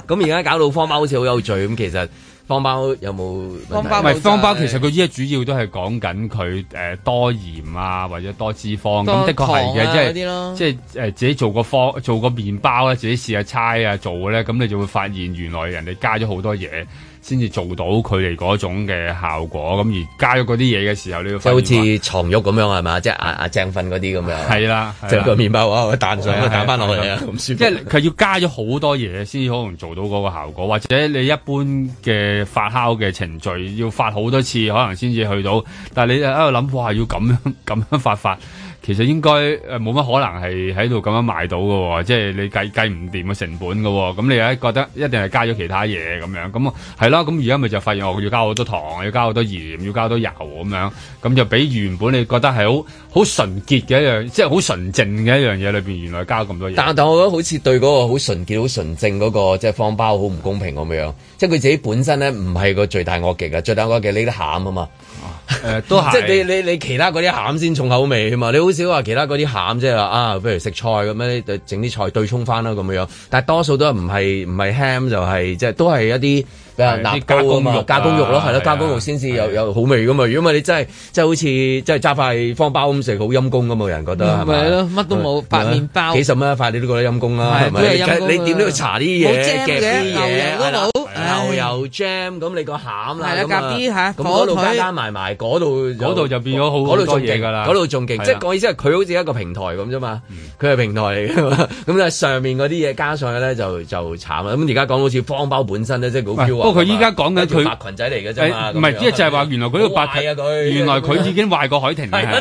咁而家搞到方包好似好有趣咁，其實。方包有冇？方包唔係方包，其實佢依家主要都係講緊佢誒多鹽啊，或者多脂肪咁多、嗯，的確係嘅，即係即係誒、呃、自己做個方做個麵包咧，自己試下猜啊做嘅、啊、咧，咁、啊、你就會發現原來人哋加咗好多嘢。先至做到佢哋嗰種嘅效果，咁而加咗嗰啲嘢嘅時候，你就好似床褥咁樣係嘛、嗯？即係阿阿鄭瞓嗰啲咁樣。係啦、啊，即係、啊、個麵包啊，啊彈上彈翻落去啊，咁即係佢要加咗好多嘢先至可能做到嗰個效果，或者你一般嘅發酵嘅程序要發好多次，可能先至去到。但係你喺度諗，哇！要咁樣咁樣發發。其實應該誒冇乜可能係喺度咁樣賣到嘅。哦，即、就、係、是、你計計唔掂嘅成本嘅。哦，咁你喺覺得一定係加咗其他嘢咁樣，咁啊係咯，咁而家咪就發現我要加好多糖，要加好多鹽，要加好多油咁樣，咁就比原本你覺得係好好純潔嘅一樣，即係好純正嘅一樣嘢裏邊，原來加咁多嘢。但但我覺得好似對嗰個好純潔好純正嗰嗰個即係方包好唔公平咁樣，即係佢自己本身咧唔係個最大惡極嘅，最大惡極呢啲餡啊嘛。誒、嗯、都 即係你你你其他嗰啲餡先重口味啊嘛！你好少話其他嗰啲餡即係啊，不如食菜咁樣整啲菜對沖翻啦咁樣。但係多數都唔係唔係 ham 就係、是、即係都係一啲。俾人納加工肉，加工肉咯，係咯，加工肉先至有有好味噶嘛。如果你真係真係好似真係揸塊方包咁食，好陰公噶嘛。人覺得係咪？乜都冇白麵包，幾十蚊一塊，你都覺得陰公啦。係咪？你點都要搽啲嘢，夾啲嘢牛油 jam 咁，你個餡啦。係啦，夾啲嚇火腿，加埋埋嗰度，嗰度就變咗好多嘢㗎啦。嗰度仲勁，即係我意思係佢好似一個平台咁啫嘛。佢係平台嚟嘅，咁咧上面嗰啲嘢加上去咧就就慘啦。咁而家講好似方包本身咧，即係佢依家講緊佢白裙仔嚟嘅啫，唔係即係話原來嗰個白原來佢已經壞過海婷嘅係，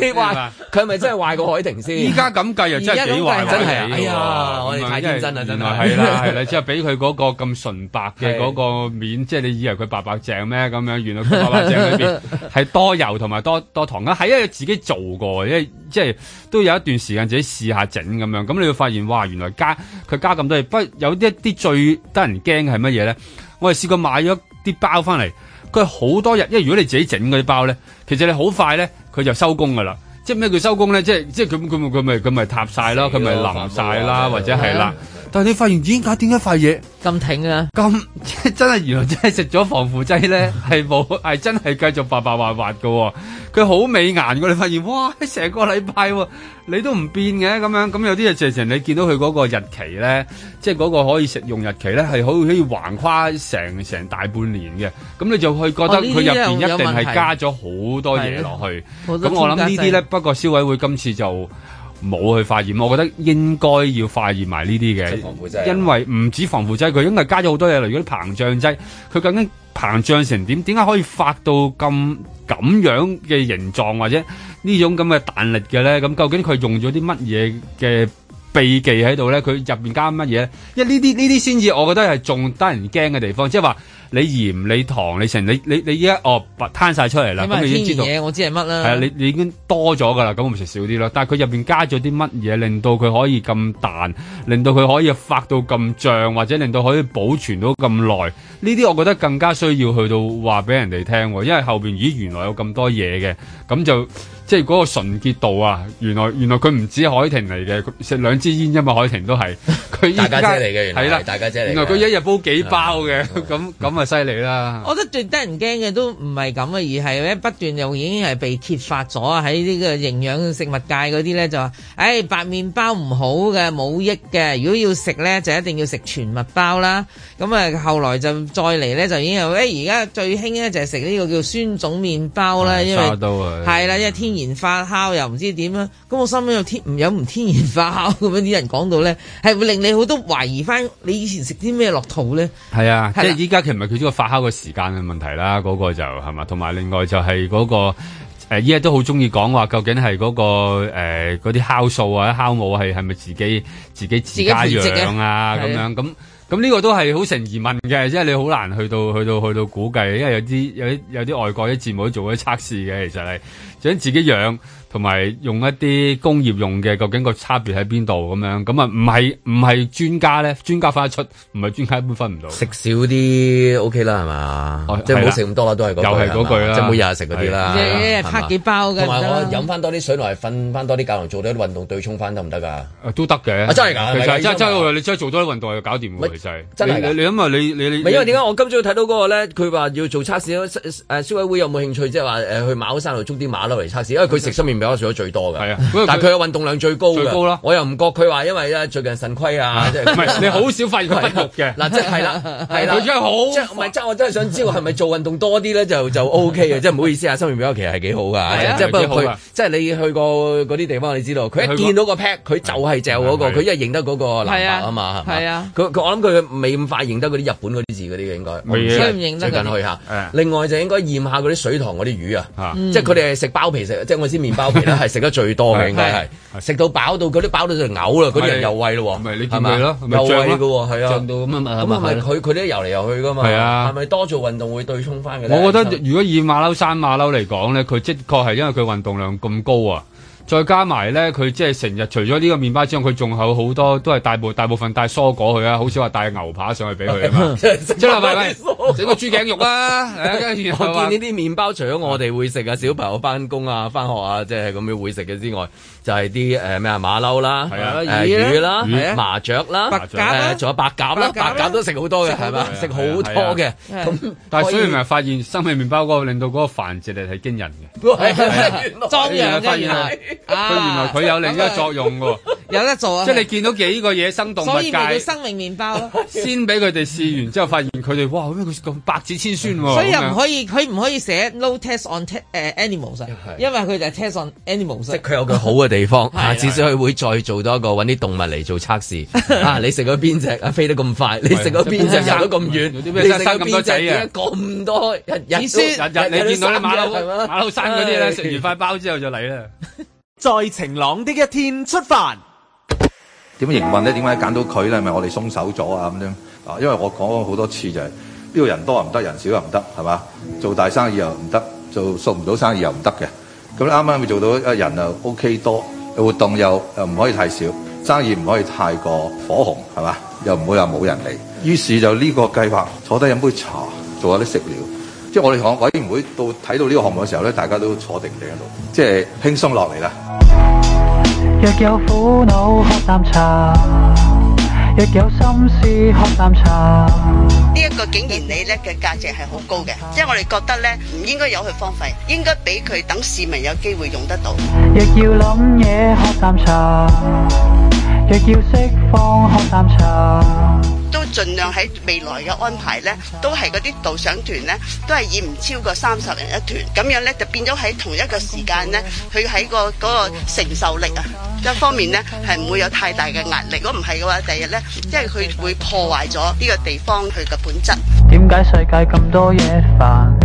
你話佢係咪真係壞過海婷先？依家咁計又真係幾壞，真係啊！我哋太天真啦，真係。原來係啦，即係俾佢嗰個咁純白嘅嗰個面，即係你以為佢白白淨咩咁樣？原來佢白白淨裏邊係多油同埋多多糖嘅，係因為自己做過，即係即係都有一段時間自己試下整咁樣，咁你會發現哇，原來加佢加咁多嘢，不有一啲最得人驚嘅係乜嘢咧？我係試過買咗啲包翻嚟，佢好多日，因為如果你自己整嗰啲包咧，其實你好快咧，佢就收工噶啦。即係咩叫收工咧？即係即係佢咁咪佢咪佢咪塌晒咯，佢咪淋晒啦，或者係啦。嗯、但係你發現點解點解塊嘢咁挺啊？咁真係原來真係食咗防腐劑咧，係冇係真係繼續白白滑滑嘅。佢好美顏，我哋發現，哇！成個禮拜喎。你都唔變嘅咁樣，咁有啲嘢直情你見到佢嗰個日期咧，即係嗰個可以食用日期咧，係可可以橫跨成成大半年嘅。咁你就會覺得佢入邊一定係加咗好多嘢落去。咁、哦、我諗呢啲咧，不過消委會今次就冇去發現，我覺得應該要發現埋呢啲嘅，防腐因為唔止防腐劑，佢應該加咗好多嘢嚟，例如啲膨脹劑，佢究竟膨脹成點？點解可以發到咁咁樣嘅形狀或者？呢種咁嘅彈力嘅咧，咁究竟佢用咗啲乜嘢嘅秘技喺度咧？佢入邊加乜嘢咧？因為呢啲呢啲先至，我覺得係仲得人驚嘅地方，即係話你鹽、你糖、你成你你你依家哦攤晒出嚟啦，咁麼你已經知道嘢，我知係乜啦？係啊，你你已經多咗噶啦，咁我咪食少啲咯。但係佢入邊加咗啲乜嘢，令到佢可以咁彈，令到佢可以發到咁脹，或者令到可以保存到咁耐。呢啲我覺得更加需要去到話俾人哋聽，因為後邊咦原來有咁多嘢嘅，咁就。即係嗰個純潔度啊！原來原來佢唔止海婷嚟嘅，食兩支煙啫嘛，海婷都係佢 是大家姐嚟嘅。原來佢一日煲幾包嘅，咁咁啊犀利啦！ 我覺得最得人驚嘅都唔係咁啊，而係不斷又已經係被揭發咗喺呢個營養食物界嗰啲咧就話，誒、哎、白麵包唔好嘅，冇益嘅。如果要食咧，就一定要食全麥包啦。咁啊，後來就再嚟咧，就已經又而家最興咧就係食呢個叫酸種麵包啦， 因為係啦， 因為天。 天然發酵又唔知點樣，咁我心諗有天唔有唔天然發酵咁樣啲人講到咧，係會令你好多懷疑翻你以前食啲咩落肚咧？係啊，即係依家其實唔係佢呢個發酵嘅時間嘅問題啦，嗰、那個就係嘛，同埋另外就係嗰、那個誒，依、呃、家都好中意講話究竟係嗰、那個誒嗰啲酵素啊、酵母係係咪自己自己自己家養啊咁、啊是啊、樣咁咁呢個都係好成疑問嘅，即係你好難去到去到去到估計，因為有啲有啲有啲外國啲節目都做咗測試嘅，其實係。想自己養。同埋用一啲工業用嘅，究竟個差別喺邊度咁樣？咁啊唔係唔係專家咧，專家分得出，唔係專家一般分唔到。食少啲 OK 啦，係嘛？即係唔好食咁多啦，都係嗰句啦。即係每日食嗰啲啦。即係拍幾包咁。同埋我飲翻多啲水，來瞓翻多啲覺，做多啲運動對沖翻得唔得㗎？都得嘅，真係㗎。其實真真，你真係做多啲運動就搞掂㗎，就你你諗你你因為點解我今朝睇到嗰個咧？佢話要做測試，消委會有冇興趣？即係話誒去馬鞍山度捉啲馬騮嚟測試，因為佢食失眠。比較做咗最多嘅，係啊，但係佢嘅運動量最高嘅，我又唔覺佢話，因為最近腎虧啊，即係唔係你好少發現佢嘅嗱，即係係啦，係啦，佢真係好，即係我真係想知道係咪做運動多啲咧就就 OK 嘅，即係唔好意思啊，心願比較其實係幾好㗎，即係不過佢即係你去過嗰啲地方，你知道佢一見到個 pack，佢就係就嗰個，佢一認得嗰個藍白啊嘛，係啊，我諗佢未咁快認得嗰啲日本嗰啲字嗰啲嘅應該，最近去下，另外就應該驗下嗰啲水塘嗰啲魚啊，即係佢哋係食包皮食，即係我知麪包。而家係食得最多嘅，應該係食到飽到，佢都飽到就嘔啦，嗰人又餵咯，唔係你見佢咯，又餵嘅喎，係啊，漲到咁啊嘛，咁咪佢佢啲遊嚟遊去噶嘛，係啊，係咪多做運動會對沖翻嘅咧？我覺得如果以馬騮山馬騮嚟講咧，佢的確係因為佢運動量咁高啊。再加埋咧，佢即係成日除咗呢個麵包之外，佢仲有好多都係大部大部分帶蔬果去啊，好少話帶牛扒上去俾佢啊嘛，即係整個豬頸肉啦。我見呢啲麵包除咗我哋會食啊，小朋友翻工啊、翻學啊，即係咁樣會食嘅之外，就係啲誒咩啊馬騮啦、魚啦、麻雀啦、白鴿仲有白鴿啦，白鴿都食好多嘅，係咪？食好多嘅。但係所以咪發現生命麵包嗰個令到嗰個繁殖力係驚人嘅。莊嚴啊！佢原來佢有另一個作用喎，有得做啊！即係你見到幾個野生動物所以叫生命麵包，先俾佢哋試完之後，發現佢哋哇，因為佢咁百子千孫喎，所以又唔可以，佢唔可以寫 no test on 唉 animals，因為佢就係 test on animals，即係佢有個好嘅地方，至少佢會再做多一個揾啲動物嚟做測試。啊，你食咗邊隻啊飛得咁快？你食咗邊隻走咁遠？你生咁多仔啊咁多？你先日日你見到啲馬騮山嗰啲咧，食完塊包之後就嚟啦。在晴朗的一天出發，點樣營運咧？點解揀到佢咧？咪我哋鬆手咗啊？咁樣啊，因為我講咗好多次就係呢度人多又唔得，人少又唔得，係嘛？做大生意又唔得，做送唔到生意又唔得嘅。咁啱啱咪做到啊人又 OK 多，活動又又唔可以太少，生意唔可以太過火紅，係嘛？又唔會話冇人嚟。於是就呢個計劃，坐低飲杯茶，做下啲食料。即係我哋講委員會到睇到呢個項目嘅時候咧，大家都坐定定喺度，即係輕鬆落嚟啦。若有苦惱喝啖茶，若有心思喝啖茶，呢一個竟然你叻嘅價值係好高嘅。即係我哋覺得咧，唔應該由佢荒廢，應該俾佢等市民有機會用得到。若要諗嘢喝啖茶，若要釋放喝啖茶。都盡量喺未來嘅安排呢都係嗰啲導賞團呢都係以唔超過三十人一團，咁樣呢，就變咗喺同一個時間呢佢喺個嗰個承受力啊，一方面呢，係唔會有太大嘅壓力。如果唔係嘅話，第二日呢，因為佢會破壞咗呢個地方佢嘅本質。點解世界咁多嘢煩？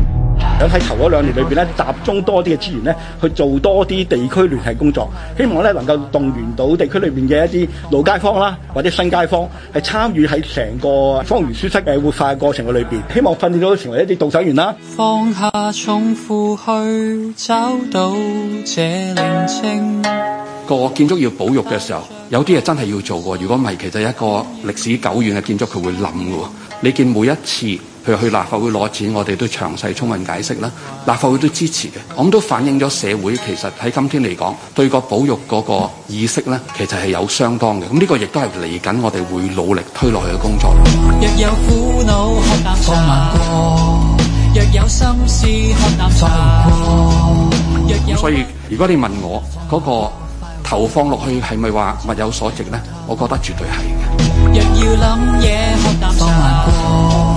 想喺頭嗰兩年裏邊咧，集中多啲嘅資源咧，去做多啲地區聯繫工作，希望咧能夠動員到地區裏邊嘅一啲老街坊啦，或者新街坊係參與喺成個方圓書室嘅活化嘅過程嘅裏邊，希望訓練到成為一啲導賞員啦。放下重負去找到這寧靜。個建築要保育嘅時候，有啲嘢真係要做嘅。如果唔係，其實一個歷史久遠嘅建築佢會冧嘅。你見每一次。佢去立法會攞錢，我哋都詳細充分解釋啦。立法會都支持嘅，我都反映咗社會其實喺今天嚟講，對個保育嗰個意識咧，其實係有相當嘅。咁、這、呢個亦都係嚟緊，我哋會努力推落去嘅工作。若有苦惱可淡化過，若有心事可淡化過若有。所以，如果你問我嗰、那個投放落去係咪話物有所值咧，我覺得絕對係嘅。若要諗嘢可淡化過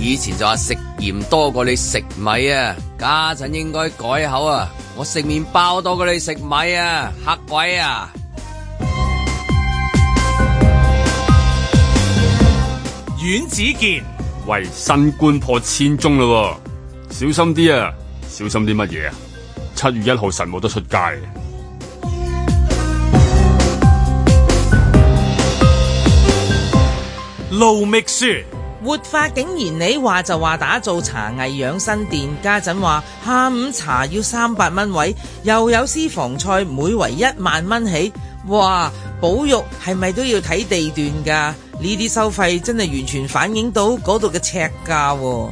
以前就話食鹽多過你食米啊，家陣應該改口啊，我食麵包多過你食米啊，嚇鬼啊！阮子健，喂，新冠破千宗咯，小心啲啊，小心啲乜嘢啊？七月一號實冇得出街。盧覓雪。活化竟然你話就話打造茶藝養生店，家陣話下午茶要三百蚊位,又有私房菜每圍一萬蚊起，哇！保育係咪都要睇地段噶？呢啲收費真係完全反映到嗰度嘅尺價。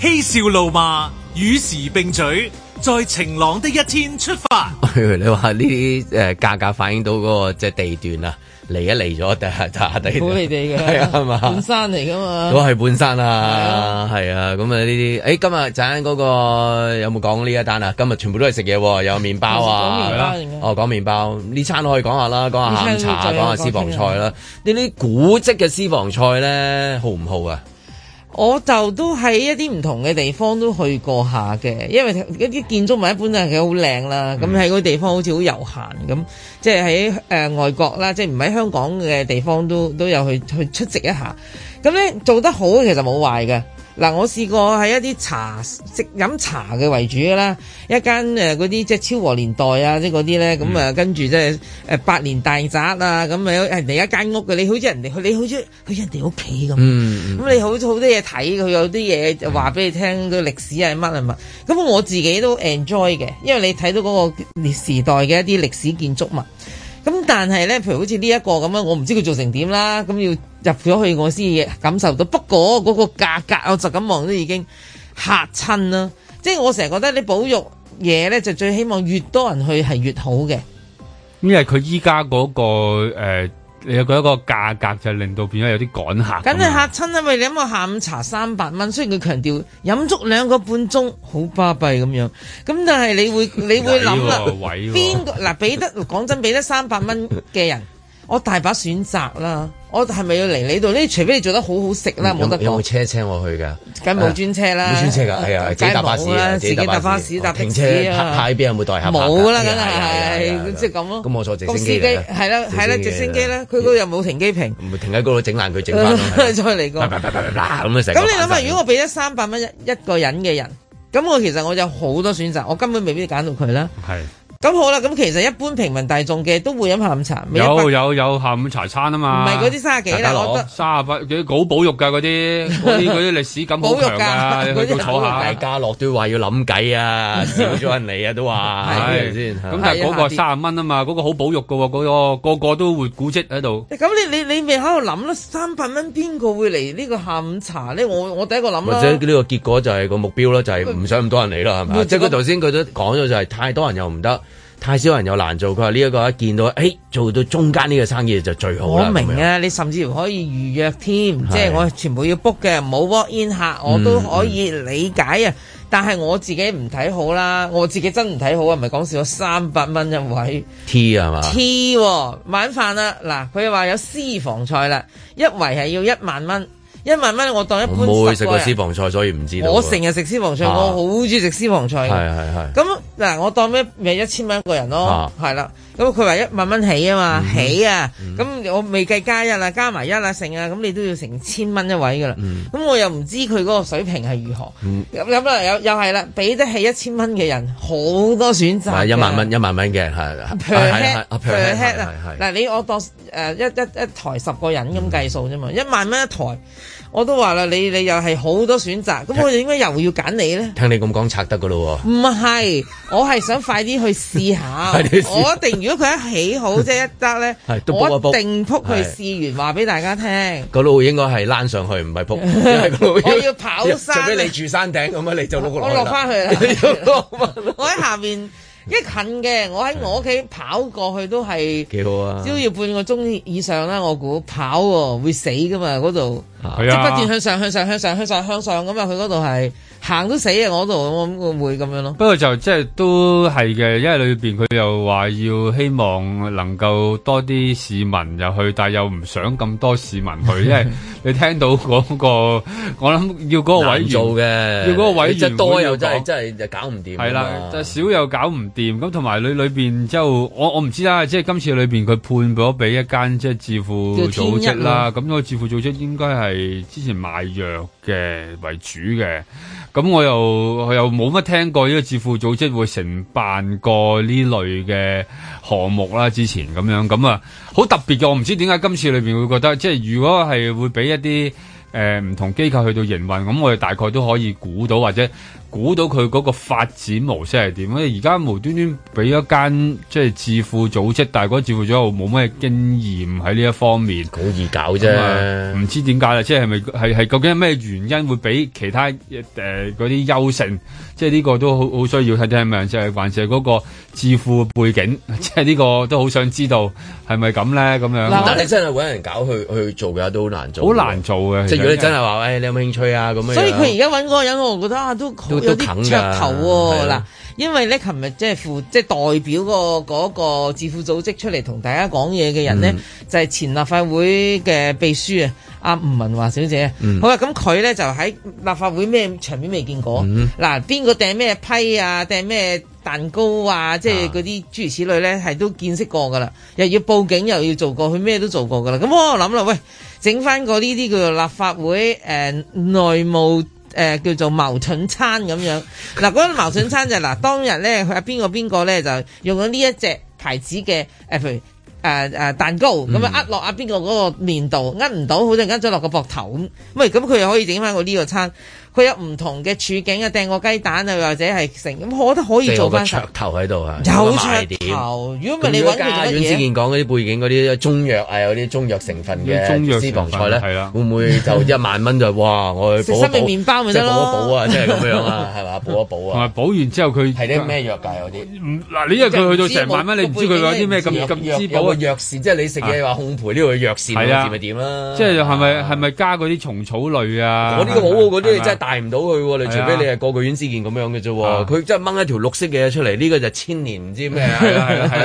嬉笑怒罵與時並舉。在晴朗的一天出發。 你話呢啲誒價格反映到嗰個即係地段啊，嚟一嚟咗，第下地。下地冇嘅係啊嘛，半山嚟噶嘛，如果係半山啊，係啊。咁啊呢啲誒今日陣間嗰個有冇講呢一單啊？今日全部都係食嘢，有麵包啊。哦，講麵包呢餐可以講下啦，講下飲茶，講下 私房菜啦。呢啲 古迹嘅私房菜咧好唔好啊？我就都喺一啲唔同嘅地方都去過下嘅，因為一啲建築物一般都係佢好靚啦。咁喺嗰啲地方好似好悠閒咁，即係喺誒外國啦，即係唔喺香港嘅地方都都有去去出席一下。咁咧做得好其實冇壞嘅。嗱，我試過喺一啲茶識飲茶嘅為主啦，一間誒嗰啲即係超和年代啊，即係嗰啲咧咁啊，跟住即係誒百年大宅啊，咁、嗯、啊，人哋一間屋嘅，你好似人哋去，你好似去人哋屋企咁，咁你好好多嘢睇，佢有啲嘢就話俾你聽，個、嗯、歷史係乜啊乜，咁我自己都 enjoy 嘅，因為你睇到嗰個時代嘅一啲歷史建築物，咁但係咧，譬如好似呢一個咁樣，我唔知佢做成點啦，咁要。入咗去我先感受到，不過嗰個價格我就咁望都已經嚇親啦。即係我成日覺得你保育嘢咧，就最希望越多人去係越好嘅。因為佢依家嗰個，你有覺得個價格就令到變咗有啲趕客。梗係嚇親啦，因為你諗個下午茶三百蚊，雖然佢強調飲足兩個半鐘好巴閉咁樣，咁但係你會你會諗啦，邊個嗱俾得講真俾得三百蚊嘅人？ 我大把選擇啦，我係咪要嚟你度？呢除非你做得好好食啦，冇得講。有冇車車我去噶？梗冇專車啦。冇專車噶？係啊，自己搭巴士啊？自己搭巴士？搭停車派邊有冇代客？冇啦，梗係係，即係咁咯。咁我坐直升機司機係啦，係啦，直升機啦，佢嗰度又冇停機坪，唔會停喺嗰度整爛佢，整翻再嚟過。啪啪啪啪啪咁你諗下，如果我俾咗三百蚊一一個人嘅人，咁我其實我有好多選擇，我根本未必揀到佢啦。係。咁好啦，咁其實一般平民大眾嘅都會飲下午茶，有有有下午茶餐啊嘛，唔係嗰啲三十幾啦，三十八嗰啲好保育㗎嗰啲，嗰啲啲歷史感好強㗎，大家樂都話要諗計啊，少咗人嚟啊都話，先。咁但係嗰個三十蚊啊嘛，嗰個好保育嘅喎，嗰個個個都會古蹟喺度。咁你你你未喺度諗咯，三百蚊邊個會嚟呢個下午茶咧？我我第一個諗，或者呢個結果就係個目標啦，就係唔想咁多人嚟啦，係咪？即係佢頭先佢都講咗就係太多人又唔得。太少人又難做，佢話呢一個一見到，誒、欸、做到中間呢個生意就最好，我明啊，樣你甚至乎可以預約添，是即係我全部要 book 嘅，唔好 work in 客，我都可以理解啊。嗯嗯、但係我自己唔睇好啦，我自己真唔睇好啊，唔係講笑，三百蚊一位 t e 嘛 t e、哦、晚飯啦，嗱，佢話有私房菜啦，一圍係要一萬蚊。一萬蚊我當一般我冇食過私房菜，所以唔知我成日食私房菜，我好中意食私房菜。係係係。咁嗱，我當咩咪一千蚊一個人咯，係啦。咁佢話一萬蚊起啊嘛，起啊。咁我未計加一啦，加埋一啦，成啊。咁你都要成千蚊一位噶啦。咁我又唔知佢嗰個水平係如何。咁咁又又係啦，俾得起一千蚊嘅人好多選擇。一萬蚊，一萬蚊嘅係。平 head，平 head 啊！嗱，你我當誒一一一台十個人咁計數啫嘛，一萬蚊一台。我都話啦，你你又係好多選擇，咁我哋應該又要揀你咧。聽你咁講，拆得噶咯喎！唔係，我係想快啲去試下。我一定如果佢一起好即係一得咧，我一定撲佢試完話俾大家聽。嗰度應該係躝上去，唔係撲。我要跑山，俾你住山頂咁啊！你就碌落落翻去啦。我喺下面，一近嘅，我喺我屋企跑過去都係幾好啊！只要要半個鐘以上啦，我估跑會死噶嘛嗰度。即係、啊、不斷向上向上向上向上向上咁啊！佢嗰度係行都死啊！我度咁會咁樣咯。不過就即係、就是、都係嘅，因為裏邊佢又話要希望能夠多啲市民入去，但係又唔想咁多市民去， 因為你聽到嗰、嗰個我諗要嗰個位做嘅，要嗰個位即多又真係真係又搞唔掂。係啦，但少又搞唔掂。咁同埋裏裏邊之後，我我唔知啦。即係今次裏邊佢判咗俾一間即係智庫組織啦。咁個智庫組織應該係。係之前買藥嘅為主嘅，咁我又我又冇乜聽過呢個智庫組織會承辦過呢類嘅項目啦。之前咁樣咁啊，好特別嘅，我唔知點解今次裏面會覺得，即係如果係會俾一啲誒唔同機構去到營運，咁我哋大概都可以估到或者。估到佢嗰個發展模式係點？因為而家無端端俾一間即係智庫組織，但係嗰個智庫組織又冇咩經驗喺呢一方面，好易搞啫，唔知點解啦？即係係咪係係究竟咩原因會俾其他誒嗰啲優勝？即係呢個都好好需要睇睇係咪，即係還是係嗰個智庫背景？即係呢個都好想知道係咪咁咧？咁樣，樣但你真係揾人搞去去做嘅都好難做，好難做嘅。即係如果你真係話，誒、哎，你有冇興趣啊？咁樣，所以佢而家揾嗰個人，我覺得都。都有啲噱頭喎、哦、嗱，啊、因為咧，琴日即係負即係代表個嗰個智庫組織出嚟同大家講嘢嘅人咧，嗯、就係前立法會嘅秘書啊，阿吳文華小姐。嗯、好啊，咁佢咧就喺立法會咩場面未見過？嗱、嗯，邊個掟咩批啊？掟咩蛋糕啊？即係嗰啲諸如此類咧，係都見識過㗎啦。啊、又要報警，又要做過，佢咩都做過㗎啦。咁我諗啦，喂，整翻個呢啲叫做立法會誒、呃、內務。誒、呃、叫做矛盾餐咁樣，嗱、啊、嗰、那個矛盾餐就嗱、是啊、當日咧，佢阿邊個邊個咧就用咗呢一隻牌子嘅誒，譬如誒誒蛋糕，咁啊呃落阿邊個嗰個面度，呃唔到，好似呃咗落個膊頭咁。喂，咁佢又可以整翻個呢個餐。佢有唔同嘅處境啊，掟個雞蛋啊，或者係成咁，我覺得可以做翻。噱頭喺度啊，有噱頭。如果唔係你揾佢做乜嘢？如果家下袁子健講嗰啲背景嗰啲中藥啊，有啲中藥成分嘅中藥私房菜咧，會唔會就一萬蚊就哇？我食生命麵包咪得咯，即係補一補啊，即係咁樣啊，係嘛？補一補啊。同埋補完之後佢係啲咩藥㗎？有啲嗱，你因為佢去到成萬蚊，你唔知佢有啲咩咁咁滋補啊？藥膳即係你食嘅話烘焙呢個藥膳係點咪點啦？即係係咪係咪加嗰啲蟲草類啊？嗰啲都好，嗰啲真係。大唔到佢，你除非你係個個院事件咁樣嘅啫喎，佢真係掹一條綠色嘅嘢出嚟，呢個就千年唔知咩啊，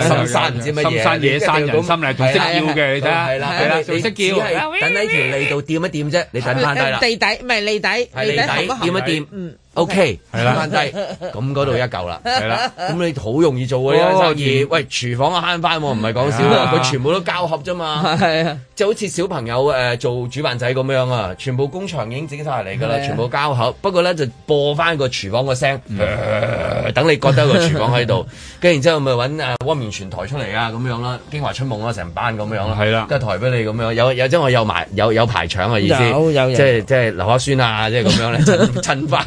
深山唔知乜嘢，深山野山咁，心嚟同色叫嘅，你睇下，係啦，係啦，同色叫，等喺條脷度掂一掂啫，你等翻低啦，地底唔係脷底，脷底掂一掂，嗯。O K，主板低，咁嗰度一嚿啦，咁你好容易做嘅啦，生意。喂，廚房啊慳翻喎，唔係講笑，佢全部都交合啫嘛，即係好似小朋友誒做煮飯仔咁樣啊，全部工場已經整晒嚟噶啦，全部交合。不過咧就播翻個廚房個聲，等你覺得個廚房喺度，跟然之後咪揾誒汪明荃抬出嚟啊，咁樣啦，京華春夢啊，成班咁樣啦，係啦，跟係台俾你咁樣，有有即係有埋有有排場嘅意思，即係即係劉克宣啊，即係咁樣咧，趁翻。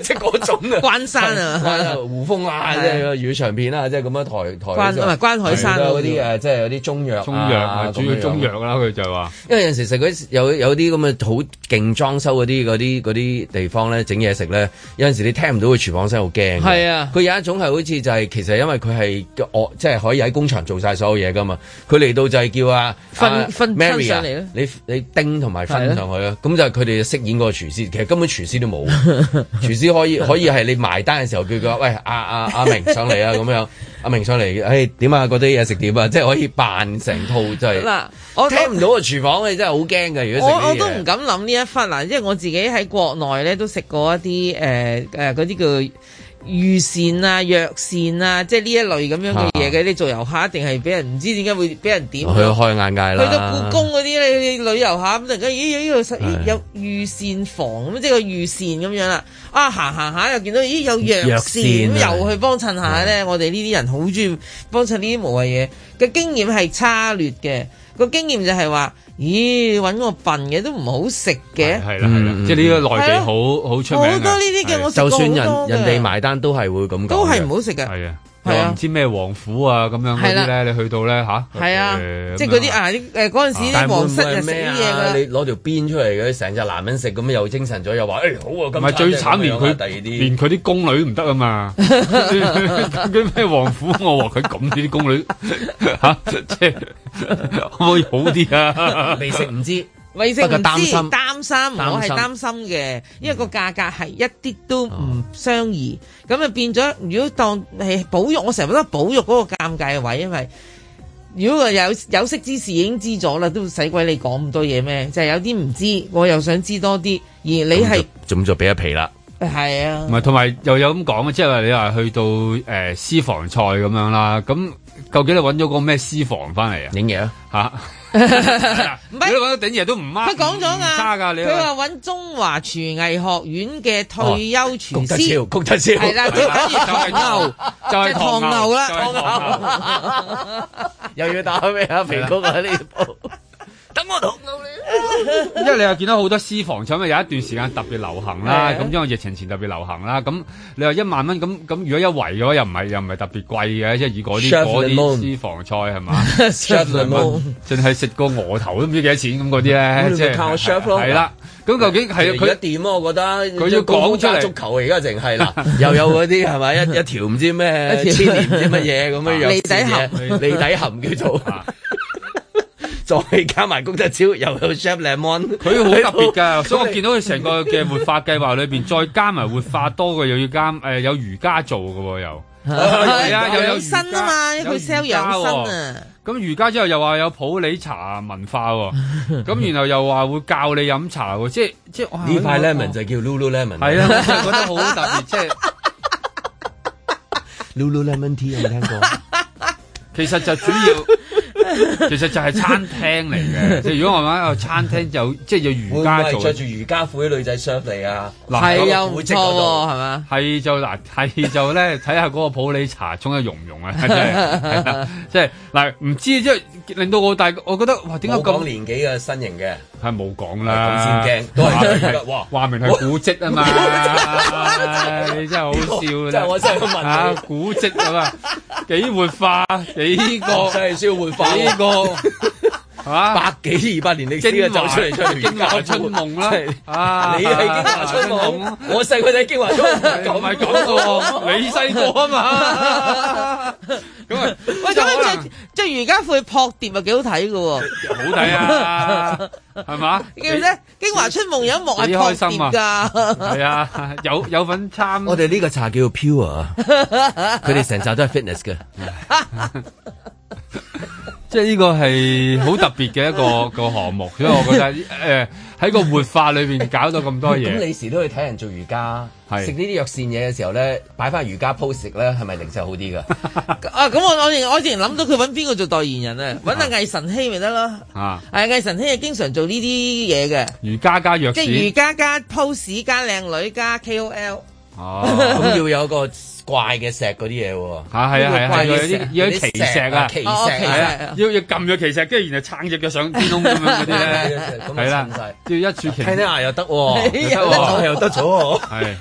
即嗰種啊，關山啊，胡風啊，即係魚腸片啊，即係咁樣台台。關唔係關海山嗰啲誒，即係有啲中藥主要中藥啦。佢就話，因為有陣時食啲有有啲咁嘅好勁裝修嗰啲啲啲地方咧，整嘢食咧，有陣時你聽唔到佢廚房聲，好驚。係啊，佢有一種係好似就係其實因為佢係我即係可以喺工場做晒所有嘢噶嘛。佢嚟到就係叫啊，分分拼上嚟咯。你你叮同埋分上去啊。咁就係佢哋飾演嗰個廚師，其實根本廚師都冇。廚 師可以可以係你埋單嘅時候叫佢，喂，阿阿阿明上嚟，哎，啊，咁樣阿明上嚟，唉點啊，嗰啲嘢食點啊，即係可以扮成套就係。嗱，我聽唔到個廚房，你真係好驚㗎。如果， 如果我我都唔敢諗呢一忽啦，因為我自己喺國內咧都食過一啲誒誒嗰啲叫。御膳啊，藥膳啊，即係呢一類咁樣嘅嘢嘅，啊、你做遊客一定係俾人唔知點解會俾人點去開眼界啦。去到故宮嗰啲，去旅遊下咁，突然間咦，呢度有御膳房咁，即係個御膳咁樣啦。啊，行行下又見到咦，有藥膳咁，又去幫襯下咧。呢，我哋呢啲人好中意幫襯呢啲無謂嘢嘅經驗係差劣嘅。個經驗就係話，咦，搵個笨嘅都唔好食嘅。係啦係啦，嗯、即係呢個內地好的好出名嘅。好多呢啲嘅，的我就算人人哋埋單都係會咁講，都係唔好食嘅。係啊。.又唔知咩王府啊咁樣嗰啲咧，你去到咧吓啊，即係嗰啲啊，嗰陣時啲皇室係咩嘢，啊？你攞條鞭出嚟嘅，成隻男人食咁又精神咗，又話誒好啊。唔係最慘，連佢第二啲，連佢啲宮女唔得啊嘛。佢咩王府我話佢咁啲啲宮女吓，即係可唔可以好啲啊？未食唔知。為勝之擔心，我係擔心嘅，心嗯、因為個價格係一啲都唔相宜，咁、嗯、就變咗。如果當係保育，我成日都保育嗰個尷尬位，因為如果係有有識之士已經知咗啦，都使鬼你講咁多嘢咩？就係、是、有啲唔知，我又想知多啲。而你係，咁就俾一皮啦。係啊，唔係同埋又有咁講嘅，即係話你話去到誒、呃、私房菜咁樣啦，咁。究竟你揾咗個咩私房翻嚟啊？影嘢啊，吓唔係你揾到頂嘢都唔啱。佢講咗啊，噶，你佢話揾中華廚藝學院嘅退休廚師郭德超，郭德超係啦，就係唐牛，就係唐牛啦，又要打開咩啊？肥哥啊，呢部。咁我同到你，即係你又見到好多私房菜，咁啊有一段時間特別流行啦，咁因為疫情前特別流行啦。咁你話一萬蚊，咁咁如果一圍嘅話，又唔係又唔係特別貴嘅，即係以嗰啲啲私房菜係嘛？剩係食個鵝頭都唔知幾多錢咁嗰啲咧，即係靠我 chef 係啦，咁究竟係而家點？我覺得佢要講出嚟。足球而家淨係啦，又有嗰啲係咪一一條唔知咩，千年唔知乜嘢咁嘅樣。李底含，李底含叫做。再加埋功德超，又有 sharp lemon。佢好特別噶，所以我見到佢成個嘅活化計劃裏邊，再加埋活化多嘅又要加，誒有瑜伽做嘅又係啊，又有新啊嘛，佢 sell 養生啊。咁瑜伽之後又話有普洱茶文化，咁然後又話會教你飲茶，即係即係呢塊 lemon 就叫 lulu lemon。係啊，就覺得好特別，即係 lulu lemon tea 有冇聽過？其實就主要。其實就係餐廳嚟嘅，即係如果我話個餐廳，又即係有瑜伽做，着住瑜伽褲啲女仔上嚟啊，係啊，古蹟嗰度係嘛？係就嗱，係就咧睇下嗰個普洱茶沖得融唔融啊！真係，即係嗱，唔知即係令到我大，我覺得哇，點解咁年紀嘅身形嘅係冇講啦，咁先驚，都係哇，話明係古蹟啊嘛，真係好笑啦，我想問下啊，古蹟啊嘛。幾活化幾、這個？幾、啊這個？ 百幾二百年歷史嘅走出嚟出嚟，京華春夢啦！啊，你係京華春夢，我細個睇京華春咁講過，你細個啊嘛。咁啊，喂，咁即即而家會撲蝶啊，幾好睇噶？好睇啊，係嘛？叫咩？京華春夢一幕係撲蝶噶，係啊，有有份參。我哋呢個茶叫做 pure 啊，佢哋成集都係 fitness 嘅！即係呢個係好特別嘅一個個項目。 所以我覺得誒喺、呃、個活化裏邊搞到咁多嘢。咁、嗯、你時都去睇人做瑜伽，食呢啲藥膳嘢嘅時候咧，擺翻瑜伽 pose 咧，係咪療效好啲噶？ 啊，咁我我我之前諗到佢揾邊個做代言人咧，揾阿魏晨曦咪得咯。啊，魏晨曦係經常做呢啲嘢嘅，瑜伽加藥。即係瑜伽加 pose 加靚女加 KOL。哦、啊，咁 要有個。怪嘅石嗰啲嘢喎，啊，係啊，係啊，要奇石啊，奇石，係啊，要要撳咗奇石，跟住然後撐隻腳上天空咁樣嗰啲咧，係啦，要一柱奇。睇啲牙又得喎，又得咗又喎，係。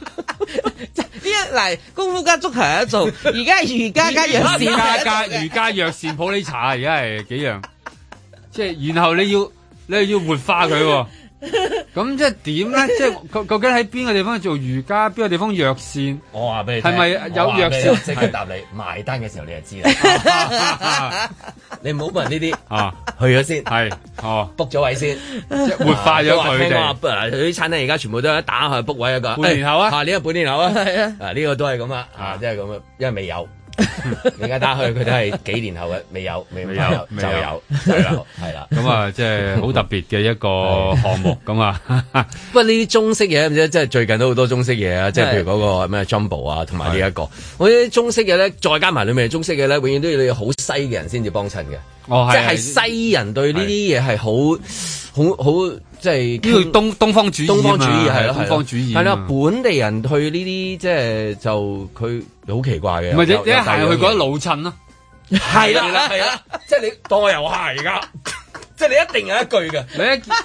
呢一嚟，功夫加足係一種，而家係瑜伽加藥膳。瑜伽加藥膳普洱茶，而家係幾樣，即係然後你要你要活化佢喎。咁即係點咧？即係究竟喺邊個地方做瑜伽，邊個地方藥膳？我話俾你聽，係咪有藥膳？即刻答你，埋單嘅時候你就知啦。你唔好問呢啲啊，去咗先係哦，book 咗位先，即係活化咗佢哋。啲餐廳而家全部都一打開 book 位一個半年後啊，吓呢個半年後啊，啊，啊呢個都係咁啊，啊即係咁啊，因為未有。而家打去，佢都係幾年後嘅，未有，未有，未有未有就有，係啦，係啦。咁啊，即係好特別嘅一個項目。咁啊，不過呢啲中式嘢，唔知即係最近都好多中式嘢、um、啊。即係譬如嗰個咩 Jumbo 啊，同埋呢一個，我啲的中式嘢咧，再加埋裏面中式嘅咧，永遠都要你好西嘅人先至幫襯嘅。哦，即係西人對呢啲嘢係好好好。的的即係呢個東方主義，東方主義係咯，東方主義係咯，本地人去呢啲即係就佢、是、好奇怪嘅，唔係即係係佢覺得老襯、啊、啦，係啦係啦，啦 即係你當我 遊客而家。 即係你一定有一句嘅，你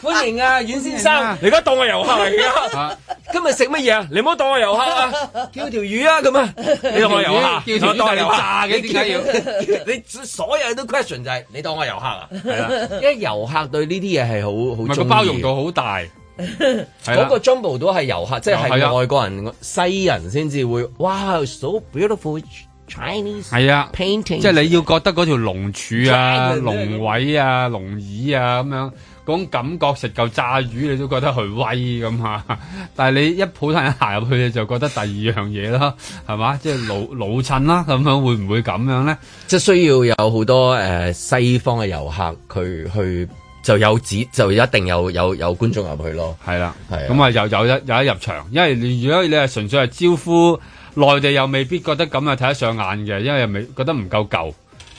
歡迎阿阮先生。你而家當我遊客嚟啊！今日食乜嘢啊？你唔好當我遊客啊！叫條魚啊咁啊！你當我遊客，叫條魚，我當遊客嘅，點解要？你所有都 question 就係你當我遊客啊！係啦，因為遊客對呢啲嘢係好好包容度好大。嗰個 jumbo 都係遊客，即係係外國人、西人先至會哇 so beautiful。係啊，即係你要覺得嗰條龍柱啊、龍位啊、龍椅啊咁、啊、樣嗰種感覺，食嚿炸魚你都覺得佢威咁吓，但係你一普通人行入去，你就覺得第二樣嘢啦，係嘛？即係老老襯啦，咁樣會唔會咁樣咧？即係需要有好多誒、呃、西方嘅遊客，佢去就有指，就一定有有有觀眾入去咯。係啦的，係咁啊，又、嗯、有一有得入場，因為你如果你係純粹係招呼。內地又未必覺得咁啊睇得上眼嘅，因為又未覺得唔夠舊。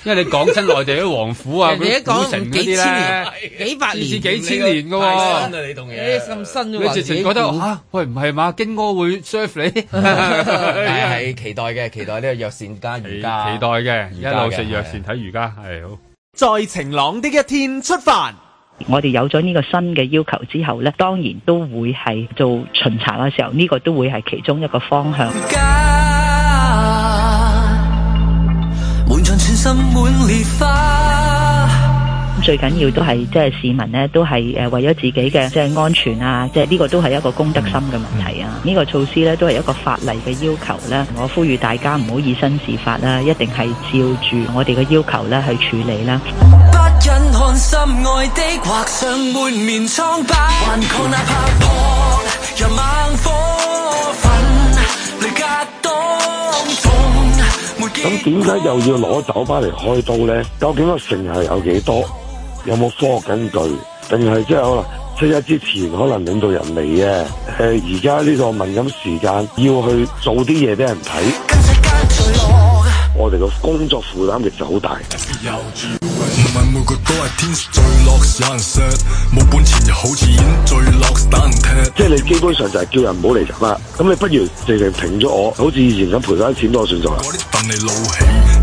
因為你講真，內地啲王府啊、 古城呢啲幾千年？幾百年、次次幾千年嘅你咁新啊你，深深你直情覺得吓、啊、喂唔係嘛？京哥會 serve 你，係 期待嘅，期待呢、呢個藥膳加瑜伽。期，期待嘅，一路食藥膳睇瑜伽係好。 再晴朗一啲嘅一天出發。我哋有咗呢個新嘅要求之後呢，當然都會係做巡查嘅時候，呢個都會係其中一個方向。滿滿最緊要都係即係市民呢，都係誒為咗自己嘅即係安全啊，即係呢個都係一個公德心嘅問題啊。呢個措施呢，都係一個法例嘅要求啦。我呼籲大家唔好以身試法啦，一定係照住我哋嘅要求咧去處理啦。 看心上面白，環那由猛火粉咁，點解又要攞酒吧嚟開刀咧？究竟個成係有幾多？有冇科學根據？定係即係可能七一之前可能領導人嚟嘅？誒而家呢個敏感時間要去做啲嘢俾人睇。我哋個工作負擔亦就好大。唔係每個都係天墜落有人錫，冇本錢就好似演墜落打人踢。Joy, locks, 即係你基本上就係叫人唔好嚟集啦。咁你不如直情停咗我，好似以前咁賠曬啲錢都我算數。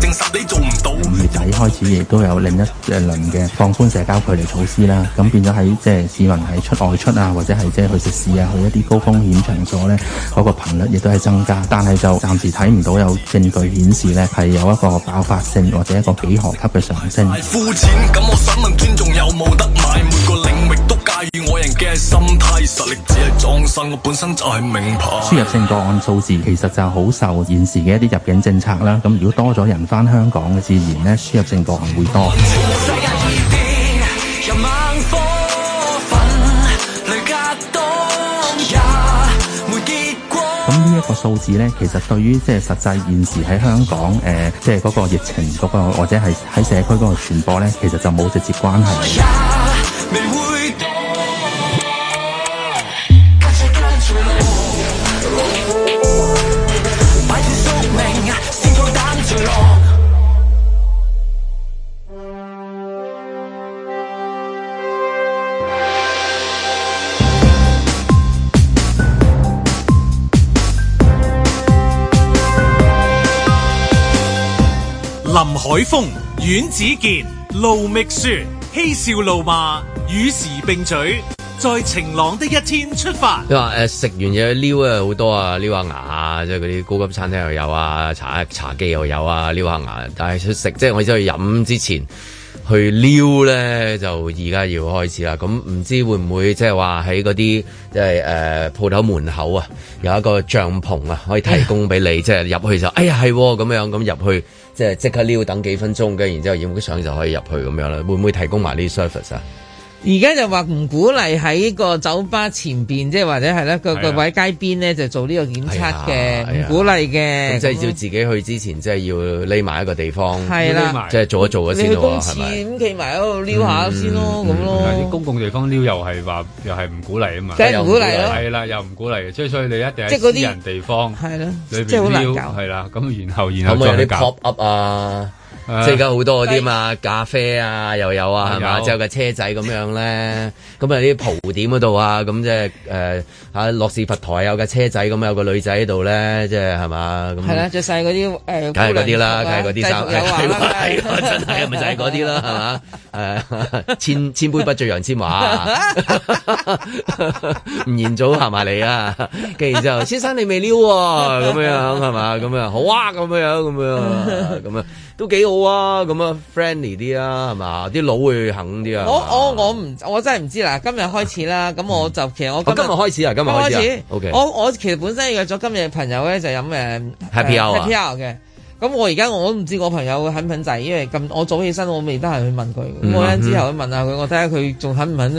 證實你做唔到，五月底開始亦都有另一輪嘅放寬社交距離措施啦。咁變咗喺即係市民喺出外出啊，或者係即係去食肆啊，去一啲高風險場所咧，嗰個頻率亦都係增加。但係就暫時睇唔到有證據顯示咧，係有一個爆發性或者一個幾何級嘅上升。輸入性個案數字其實就係好受現時嘅一啲入境政策啦。咁如果多咗人翻香港，嘅自然呢，輸入性個案會多。咁呢一個數字呢，其實對於即係實際現時喺香港誒，即係嗰個疫情嗰個，或者係喺社區嗰度傳播呢，其實就冇直接關係。 海風阮子健盧覓雪嬉笑怒罵與時並舉，在晴朗的一天出發。誒、呃，食完嘢撩啊，好多啊，撩下牙啊，即係嗰啲高級餐廳又有啊，茶茶几又有啊，撩下牙，啊。但係去食，即係我走去飲之前去撩咧，就而家要開始啦。咁唔知會唔會即係話喺嗰啲即係誒鋪頭門口啊，有一個帳篷啊，可以提供俾你，即係入去就哎呀係咁樣咁入去。即係即刻撩，等幾分鐘嘅，然之後影啲相就可以入去咁樣啦。會唔會提供埋呢啲 service 啊？而家就話唔鼓勵喺個酒吧前邊，即係或者係咧個位街邊咧就做呢個檢測嘅，唔鼓勵嘅，即係要自己去之前，即係要匿埋一個地方，匿埋，即係做一做一先咯，係咪？咁公廁企埋喺度撩下先咯，咁咯。公共地方撩又係話又係唔鼓勵啊嘛，即係又唔鼓勵咯，係啦，又唔鼓勵，即係所以你一定即係私人地方係咯，即係好難搞，係啦，咁然後然後再搞。即係而家好多嗰啲嘛，咖啡啊又有啊，係嘛，之後個車仔咁樣咧，咁啊啲蒲點嗰度啊，咁即係誒，吓樂士佛台有架車仔咁，有個女仔喺度咧，即係係嘛，咁係啦，着晒嗰啲誒，梗係嗰啲啦，梗係嗰啲衫啦，係啦，真係咪就係嗰啲啦，係嘛，誒，千千杯不醉楊千嬅，吳彥祖行埋嚟啊？跟住之後，先生你未撩喎，咁樣樣，係嘛，咁樣好啊，咁樣咁樣，咁啊都幾好。啊，咁啊，friendly 啲啊，係嘛，啲佬會肯啲啊。我我我唔，我真係唔知啦。今日開始啦，咁、嗯、我就其實我今日、哦、開始啊，今日開始。開始 okay. 我我其實本身約咗今日嘅朋友咧，就飲誒、呃、Happy Hour 嘅、啊。咁我而家我都唔知我朋友肯唔肯制，因為咁我早起身我未得閒去問佢，我等之後去問下佢，我睇下佢仲肯唔肯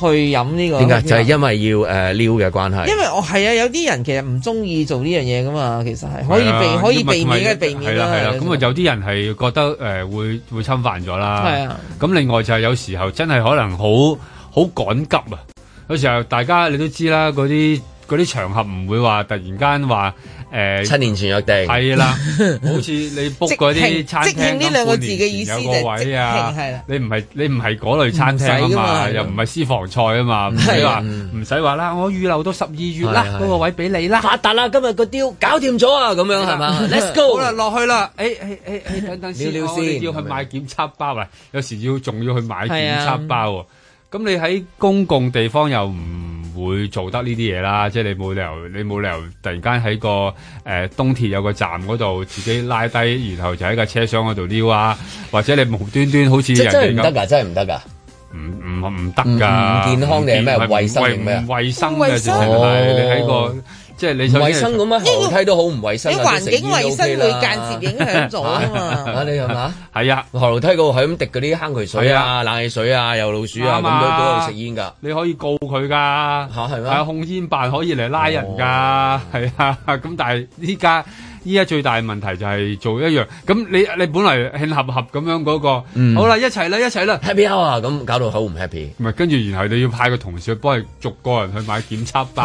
去飲呢個？點解？就係因為要誒撩嘅關係。因為我係為啊，有啲人其實唔中意做呢樣嘢噶嘛，其實係可以避、啊、可以避免嘅避免啦。係啦係啦，咁啊，啊、就係、有啲人係覺得誒、呃、會會侵犯咗啦。係啊，咁另外就係有時候真係可能好好趕急啊！有時候大家你都知啦，嗰啲。嗰啲場合唔會話突然間話誒七年前約定，係啦，好似你 book 嗰啲餐廳呢兩個字嘅意思，有個位啊，你唔係你唔係嗰類餐廳啊嘛，又唔係私房菜啊嘛，唔使話唔使話啦，我預留到十二月啦，嗰個位俾你啦，發達啦，今日個 deal 搞掂咗啊，咁樣係嘛，Let's go，好啦，落去啦，誒誒誒，等等先，我哋要去買檢測包啊。有時要仲要去買檢測包啊。咁你喺公共地方又唔會做得呢啲嘢啦，即係你冇理由，你冇理由突然間喺個誒、呃、東鐵有個站嗰度自己拉低，然後就喺架車廂嗰度撩啊，或者你無端端好似人哋咁樣，真係唔得㗎，真係唔得㗎，唔唔唔得㗎，唔健康定咩健？衛生定衛生嘅，你喺個。即係你，衞生咁啊！樓梯都好唔衞生啦，環境衞生佢間接影響咗啊嘛！啊，你係嘛？係啊，河樓梯嗰度係咁滴嗰啲坑渠水啊、冷氣水啊、有老鼠啊，咁樣都喺度食煙㗎。你可以告佢㗎嚇，係啊，控煙辦可以嚟拉人㗎，係啊，咁但係依家。依家最大嘅問題就係做一樣咁你你本嚟慶合合咁樣嗰個，嗯、好啦一齊啦，一齊啦 happy hour、嗯。咁搞到好唔 happy，唔係跟住然後你要派個同事去幫佢逐個人去買檢測包，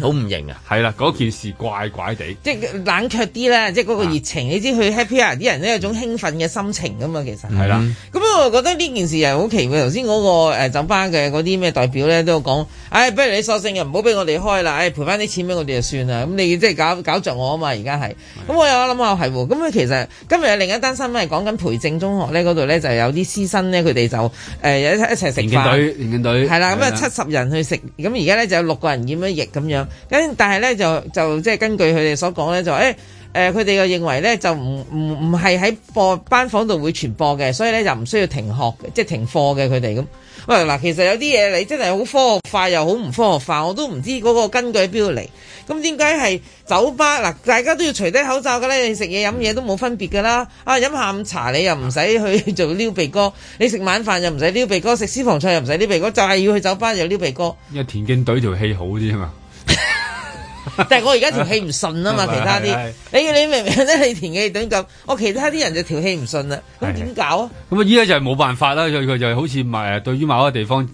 好唔 型啊，係啦嗰件事怪怪地，即係冷卻啲啦，即係嗰個熱情，啊、你知佢 happy hour 啲人咧有種興奮嘅心情噶嘛，其實係啦，咁的、嗯、我覺得呢件事又好奇怪，頭先嗰個誒、呃、酒吧嘅嗰啲咩代表咧都講、哎呃，不如你索性又唔好俾我哋開啦，誒賠翻啲錢俾我哋就算啦，咁你即係搞搞著我啊嘛，而家係。咁 我有諗下係，咁佢其實今日有另一單新聞，講緊培正中學咧嗰度咧就有啲師生咧，佢哋就誒、呃、一一齊食年警隊，年警隊係啦，咁啊七十人去食，咁而家咧就有六個人染咗疫咁樣，咁但係咧就就即係根據佢哋所講咧就誒。欸誒佢哋又認為咧就唔唔唔係喺課班房度會傳播嘅，所以咧就唔需要停學，即係停課嘅佢哋咁。喂嗱、哎，其實有啲嘢你真係好科學化，又好唔科學化，我都唔知嗰個根據喺邊度嚟。咁點解係酒吧嗱？大家都要除低口罩㗎咧，你食嘢飲嘢都冇分別㗎啦。啊，飲下午茶你又唔使去做撩鼻哥，你食晚飯又唔使撩鼻哥，食私房菜又唔使撩鼻哥，就係、是、要去酒吧又撩鼻哥。因為田徑隊條氣好啲啊嘛。 但係我而家條氣唔順啊嘛，是是其他啲，是是你是你明唔明咧？是你填嘅等於咁，我是其他啲人就條氣唔順啦，咁點搞啊？咁啊，依家就係冇辦法啦，佢就係好似誒，對於某一個地方誒針、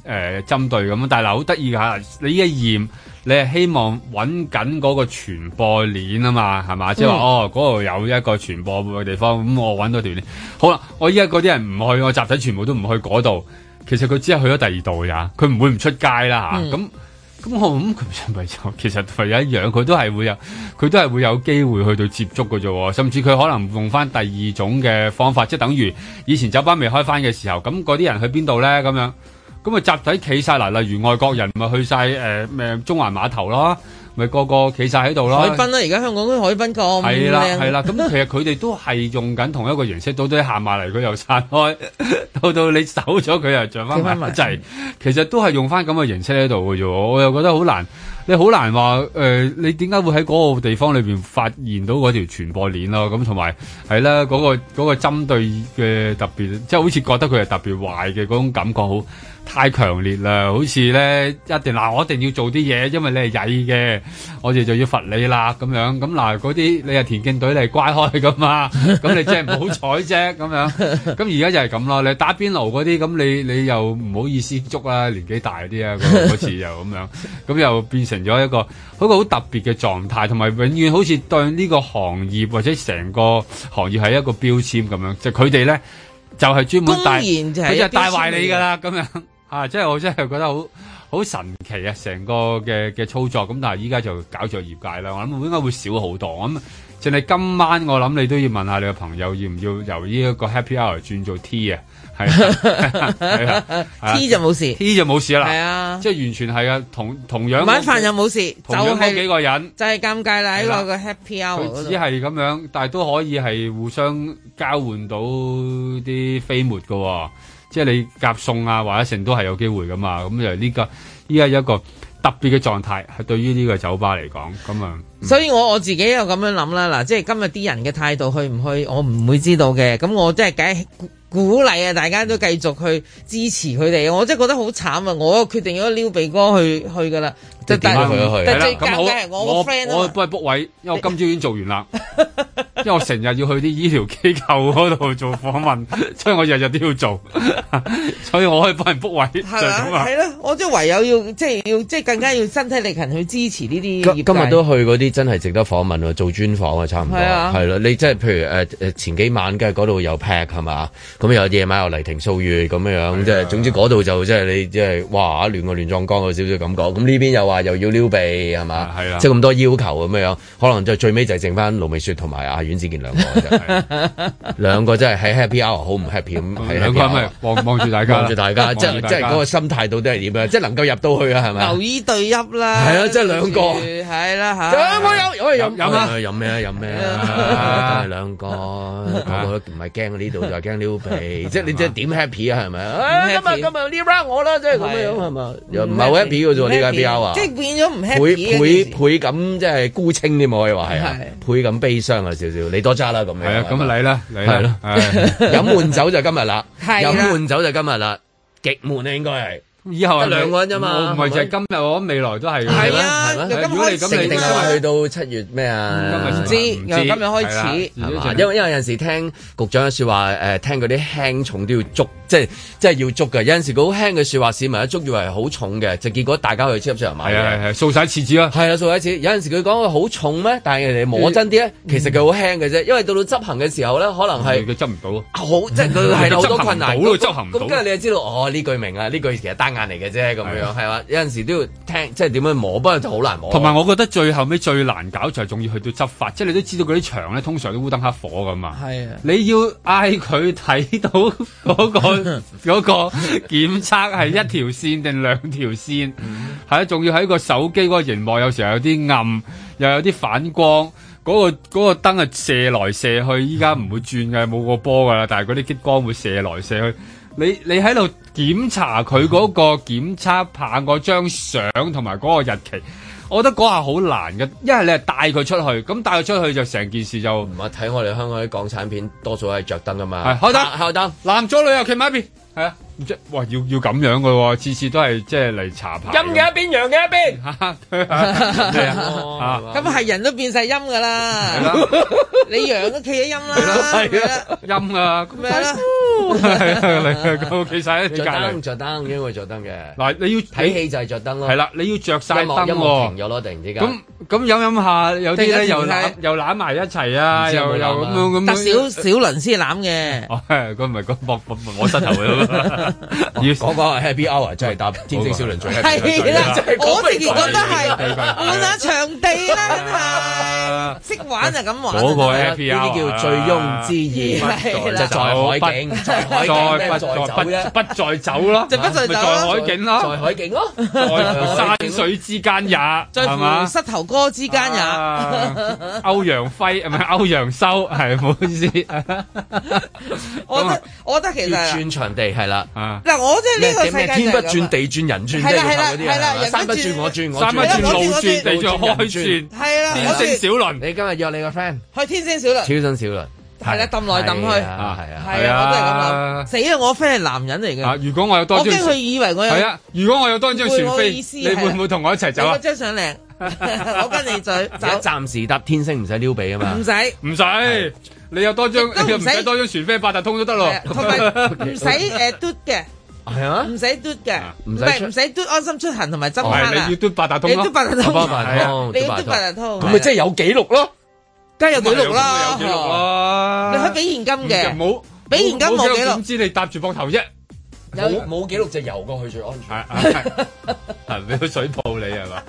呃、對咁啊。但係嗱，好得意噶吓，你依家驗，你係希望揾緊嗰個傳播鏈啊嘛，係嘛？即係話哦，嗰度有一個傳播嘅地方，咁我揾到條鏈。好啦，我依家嗰啲人唔去，我集體全部都唔去嗰度。其實佢只係去咗第二度咋，佢唔會唔出街啦吓，咁，啊。嗯嗯咁我諗佢唔係又其實係一樣，佢都係會有，佢都係會有機會去到接觸嘅啫喎，甚至佢可能用翻第二種嘅方法，即係等於以前酒吧未開翻嘅時候，咁嗰啲人去邊度咧？咁樣咁啊集體企晒嗱，例如外國人咪去晒誒咩中環碼頭咯。咪個個企晒喺度咯，海濱啦、啊！而家香港啲海濱幹，係啦係啦，咁、嗯、其實佢哋都係用緊同一個形式，到啲行埋嚟佢又散開，到到你走咗佢又著翻埋一齊，一其實都係用翻咁嘅形式喺度嘅啫。我又覺得好難，你好難話誒、呃，你點解會喺嗰個地方裏邊發現到嗰條傳播鏈咯？咁同埋係啦，嗰、那個嗰、那個針對嘅特別，即係好似覺得佢係特別壞嘅嗰種感覺好太強烈啦！好似咧，一定嗱，我一定要做啲嘢，因為你係曳嘅，我哋就要罰你啦咁樣。咁嗱，嗰啲你係田徑隊，你係乖開噶嘛？咁你真係唔好彩啫咁樣。咁而家就係咁咯。你打邊爐嗰啲，咁你你又唔好意思捉啊，年紀大啲啊，嗰次又咁樣。咁又變成咗一個一個好特別嘅狀態，同埋永遠好似對呢個行業或者成個行業係一個標籤咁樣。就佢哋咧，就係專門帶佢就帶壞你噶啦咁樣。啊！即係我真係覺得好好神奇啊！成個嘅嘅操作咁，但係依家就搞咗業界啦！我諗應該會少好多咁。淨、嗯、係今晚，我諗你都要問，問下你嘅朋友，要唔要由呢一個 Happy Hour 轉做 T 啊？係啊，T 就冇事，T 就冇事啦。係啊，啊即係完全係啊，同同樣晚飯又冇事，同樣嗰、就是、幾個人就係尷尬啦喺個 Happy Hour、啊。只係咁樣，但係都可以係互相互交換到啲飛沫噶、啊。即係你夾送啊，或者成都係有機會噶嘛？咁就呢個依家一個特別嘅狀態，係對於呢個酒吧嚟講咁啊。嗯，所以我我自己又咁樣諗啦，嗱，即係今日啲人嘅態度去唔去，我唔會知道嘅。咁我即係梗係鼓鼓勵啊，大家都繼續去支持佢哋。我真係覺得好慘啊！我決定咗撩鼻哥去去噶啦。即係但係最尷尬係我個 friend 我幫佢 book 位，因為我今朝已經做完啦，因為我成日要去啲醫療機構嗰度做訪問，所以我日日都要做，所以我可以幫人 book 位係嘛？係咯，我即係唯有要即係要即係更加要身體力行去支持呢啲。今日都去嗰啲真係值得訪問啊，做專訪啊，差唔多係咯。你即係譬如誒誒前幾晚，梗係嗰度有 pack 係嘛？咁又夜晚又雷霆掃月咁樣樣，即係總之嗰度就即係你即係哇亂個亂撞江啊少少感覺。咁呢邊又話又要撩鼻係嘛，即係咁多要求咁樣樣，可能就最尾就係剩翻盧美雪同埋阿阮子健兩個，兩個真係喺 happy hour 好唔 happy 咁。兩個望望住大家，望住大家，即係即係嗰個心態到底係點啊？即係能夠入到去啊，係咪？牛衣對泣啦，係啊，即係兩個，係啦嚇。兩個有，可飲飲飲咩啊？飲咩啊？兩個，個唔係驚呢度，就係驚撩鼻。即係你即係點 happy 啊？係咪今日，今日撩我啦！即係咁樣樣係嘛？又唔係 happy 嘅啫喎，呢個 happy hour 變咗唔 happy，倍倍倍咁即係孤清添，可以話係，倍咁、啊啊、悲傷啊，少少，你多揸、啊、啦，咁樣。係啊，咁啊嚟啦，嚟咯。飲悶酒就今日啦，飲悶、啊、酒就今日啦，極悶啊，應該係。以後係兩個人啫嘛，唔係就係今日，我未來都係。係啊，如果你咁你因去到七月咩啊？唔知，由今日開始，因為因為有陣時聽局長嘅說話，誒，聽嗰啲輕重都要捉，即係即係要捉㗎。有陣時佢好輕嘅說話，市民一捉以為好重嘅，就結果大家去超級市場買嘅，係係係掃晒廁紙啦。係啊，掃晒廁。有陣時佢講嘅好重咩？但係人哋摸真啲咧，其實佢好輕嘅啫。因為到到執行嘅時候咧，可能係佢執唔到，好即係佢係好多困難，好執行唔到咁，跟住你就知道，哦，呢句明啊，呢句其實眼嚟嘅啫，咁樣係嘛，有陣時都要聽，即係點樣摸，不過就好難摸。同埋我覺得最後尾最難搞就係仲要去到執法，即係你都知道嗰啲牆咧，通常都烏燈黑火噶嘛。係啊，你要嗌佢睇到嗰、嗰個嗰 個檢測係一條線定兩條線，係、 嗯、啊，仲要喺個手機嗰、嗰個熒幕，有時候有啲暗，又有啲反光，嗰、嗰個嗰、嗰個燈係射來射去，依家唔會轉嘅，冇 個波噶啦，但係嗰啲激光會射來射去。 你你喺度檢查佢嗰個檢測棒嗰張相同埋嗰個日期，我覺得嗰下好難嘅，因為你係帶佢出去，咁帶佢出去就成件事就唔係睇我哋香港啲港產片多數都係着燈㗎嘛，係，開燈開燈，男左女右企埋一邊，係啊。即係哇，要要咁樣嘅，次次都係即係嚟查牌。陰嘅一邊，陽嘅一邊。咁係人都變晒陰噶啦，你陽都企咗陰啦。陰啊，咁樣啦。企晒喺隔籬。着燈，着燈，應該着燈嘅。嗱，你要睇戲就係着燈咯。係啦，你要着晒燈。音樂停咗咯，突然之間。咁咁飲飲下，有啲咧又攬，又攬埋一齊啊，又又咁咁。搭少少輪先攬嘅。佢唔係佢卧卧卧膝頭嘅嘛。講講 Happy Hour 真係搭天星小輪最係啦，我直情覺得係換下場地啦，識玩就咁玩 happy 啦，呢啲叫醉翁之意不在海景，在海景不在酒咯，就不在酒咯，在海景咯，在山水之間也，在乎膝頭哥之間也，歐陽輝唔係歐陽修係，唔好意思。我覺得我覺得其實轉場地係啦。嗱，我即係呢個世界，天不轉，地轉，人轉，即係頭嗰啲啦。山不轉，我轉；我山不轉，路轉；地轉，開轉。係啦，天星小輪，你今日約你個 friend 去天星小輪，天星小輪。係啦，抌來抌去，啊係啊，係啊，我都係咁諗，死啦！我 friend 係男人嚟嘅，如果我有多張，我驚佢以為我有。係啊，如果我有多張船飛，你會唔會同我一齊走啊？張相靚，我跟你走。暫時搭天星唔使撩鼻啊嘛，唔使，唔使。你有多張唔使多張船飛，八達通都得咯。同埋唔使誒嘟嘅，係啊，唔使嘟嘅，唔使唔使嘟，安心出行同埋揸卡。你要嘟八達通啊？嘟八達通，係啊，你嘟八達通，咁咪即係有記錄咯。梗係有記錄啦，有記錄啦，你可以俾現金嘅，冇！好俾現金冇記錄。點知你搭住膊頭啫？冇冇記錄就是，游過去最安全。係！係！係！你去水泡你係嘛？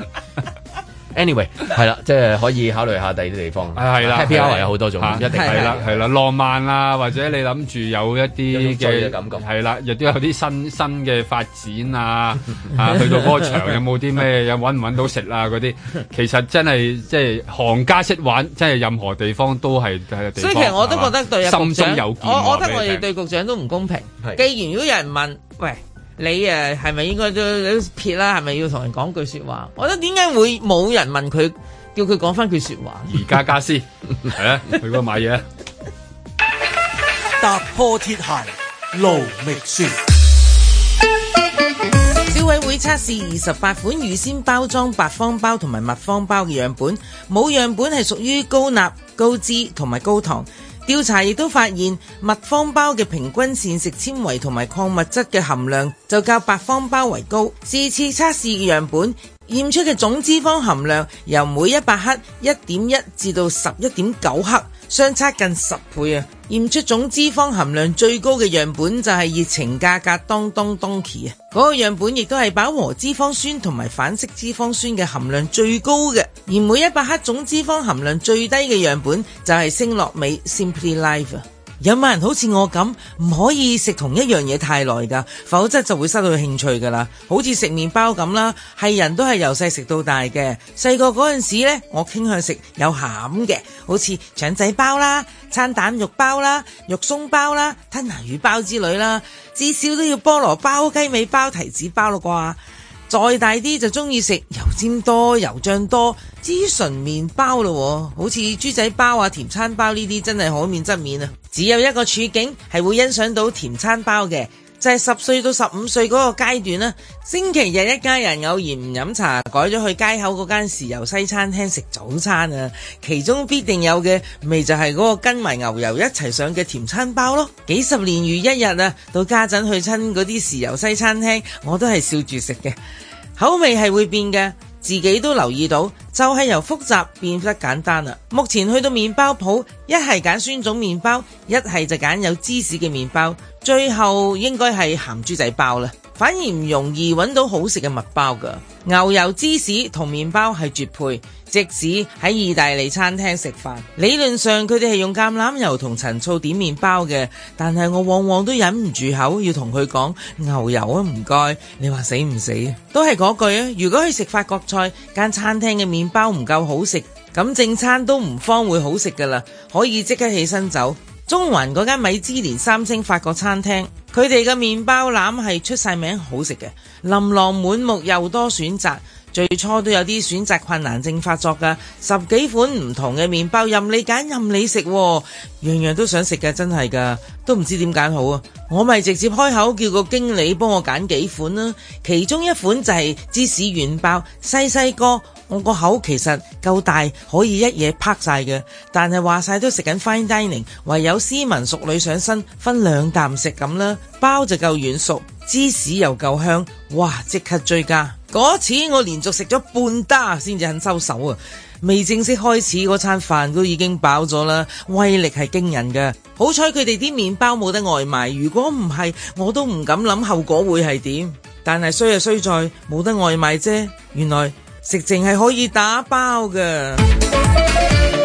Anyway，係啦，即係可以考慮下第二啲地方。係啦，PR 有好多種，一定係啦，係啦，浪漫啊，或者你諗住有一啲嘅感覺，係啦，亦都有啲新新嘅發展啊，啊，去到嗰場有冇啲咩，有揾唔揾到食啊嗰啲，其實真係即係行家識玩，真係任何地方都係。所以其實我都覺得對局長，我我覺得我哋對局長都唔公平。既然如果有人問喂？你誒係咪應該都撇啦？係咪要同人講句説話？我覺得點解會冇人問佢，叫佢講翻句説話？而家家私，係 啊，去邊買嘢啊？踏破鐵鞋路未絕，消委會測試二十八款預先包裝白方包同埋麥方包嘅樣本，冇樣本係屬於高鈉、高脂同埋高糖。調查亦都發現，麥方包嘅平均膳食纖維同埋礦物質嘅含量就較白方包為高。四次測試嘅樣本驗出嘅總脂肪含量由每一百克一點一至到十一點九克，相差近十倍啊！驗出總脂肪含量最高嘅樣本就係熱情價格當當 DONQ 啊！嗰、那個樣本亦都係飽和脂肪酸同埋反式脂肪酸嘅含量最高嘅。而每一百克總脂肪含量最低嘅樣本就係星樂美 Simply Life。有冇人好似我咁唔可以食同一樣嘢太耐噶？否則就會失去興趣噶啦。好似食麵包咁啦，係人都係由細食到大嘅。細個嗰陣時呢，我傾向食有餡嘅，好似腸仔包啦、餐蛋肉包啦、肉鬆包啦、吞拿魚包之類啦，至少都要菠蘿包、雞尾包、提子包啦啩。再大啲就中意食油煎多、油醬多。至於純麵包咯，好似豬仔包啊、甜餐包呢啲，真係可免則免啊！只有一個處境係會欣賞到甜餐包嘅。就係十歲到十五歲嗰個階段咧，星期日一家人偶然唔飲茶，改咗去街口嗰間豉油西餐廳食早餐啊。其中必定有嘅味就係嗰個跟埋牛油一齊上嘅甜餐包咯。幾十年如一日啊，到家陣去親嗰啲豉油西餐廳，我都係笑住食嘅，口味係會變嘅。自己都留意到，就係、是、由複雜變得簡單啦。目前去到麵包鋪，一係揀酸種麵包，一係就揀有芝士嘅麵包，最後應該係鹹豬仔包啦。反而唔容易揾到好食嘅麥包噶，牛油芝士同麵包係絕配。即使喺意大利餐廳食飯，理論上佢哋係用橄欖油同陳醋點麵包嘅，但係我往往都忍唔住口，要同佢講牛油啊唔該，你話死唔死啊？都係嗰句啊！如果去食法國菜，間餐廳嘅麵包唔夠好食，咁正餐都唔方會好食噶啦，可以即刻起身走。中環嗰間米芝蓮三星法國餐廳，佢哋嘅麵包籃係出晒名好食嘅，琳琅滿目又多選擇。最初都有啲選擇困難症發作噶，十幾款唔同嘅麵包任你揀任你食，樣樣都想食噶，真係噶，都唔知點揀好啊！我咪直接開口叫個經理幫我揀幾款啦。其中一款就係芝士軟包，細細個，我個口其實夠大，可以一嘢撲曬嘅。但係話晒都食緊 fine dining，唯有斯文淑女上身分兩啖食咁啦。包就夠軟熟，芝士又夠香，哇！即刻追加。嗰次我連續食咗半打先至肯收手啊！未正式開始嗰餐飯都已經飽咗啦，威力係驚人噶。好彩佢哋啲麵包冇得外賣，如果唔係我都唔敢諗後果會係點。但係衰就衰在冇得外賣啫。原來食淨係可以打包噶。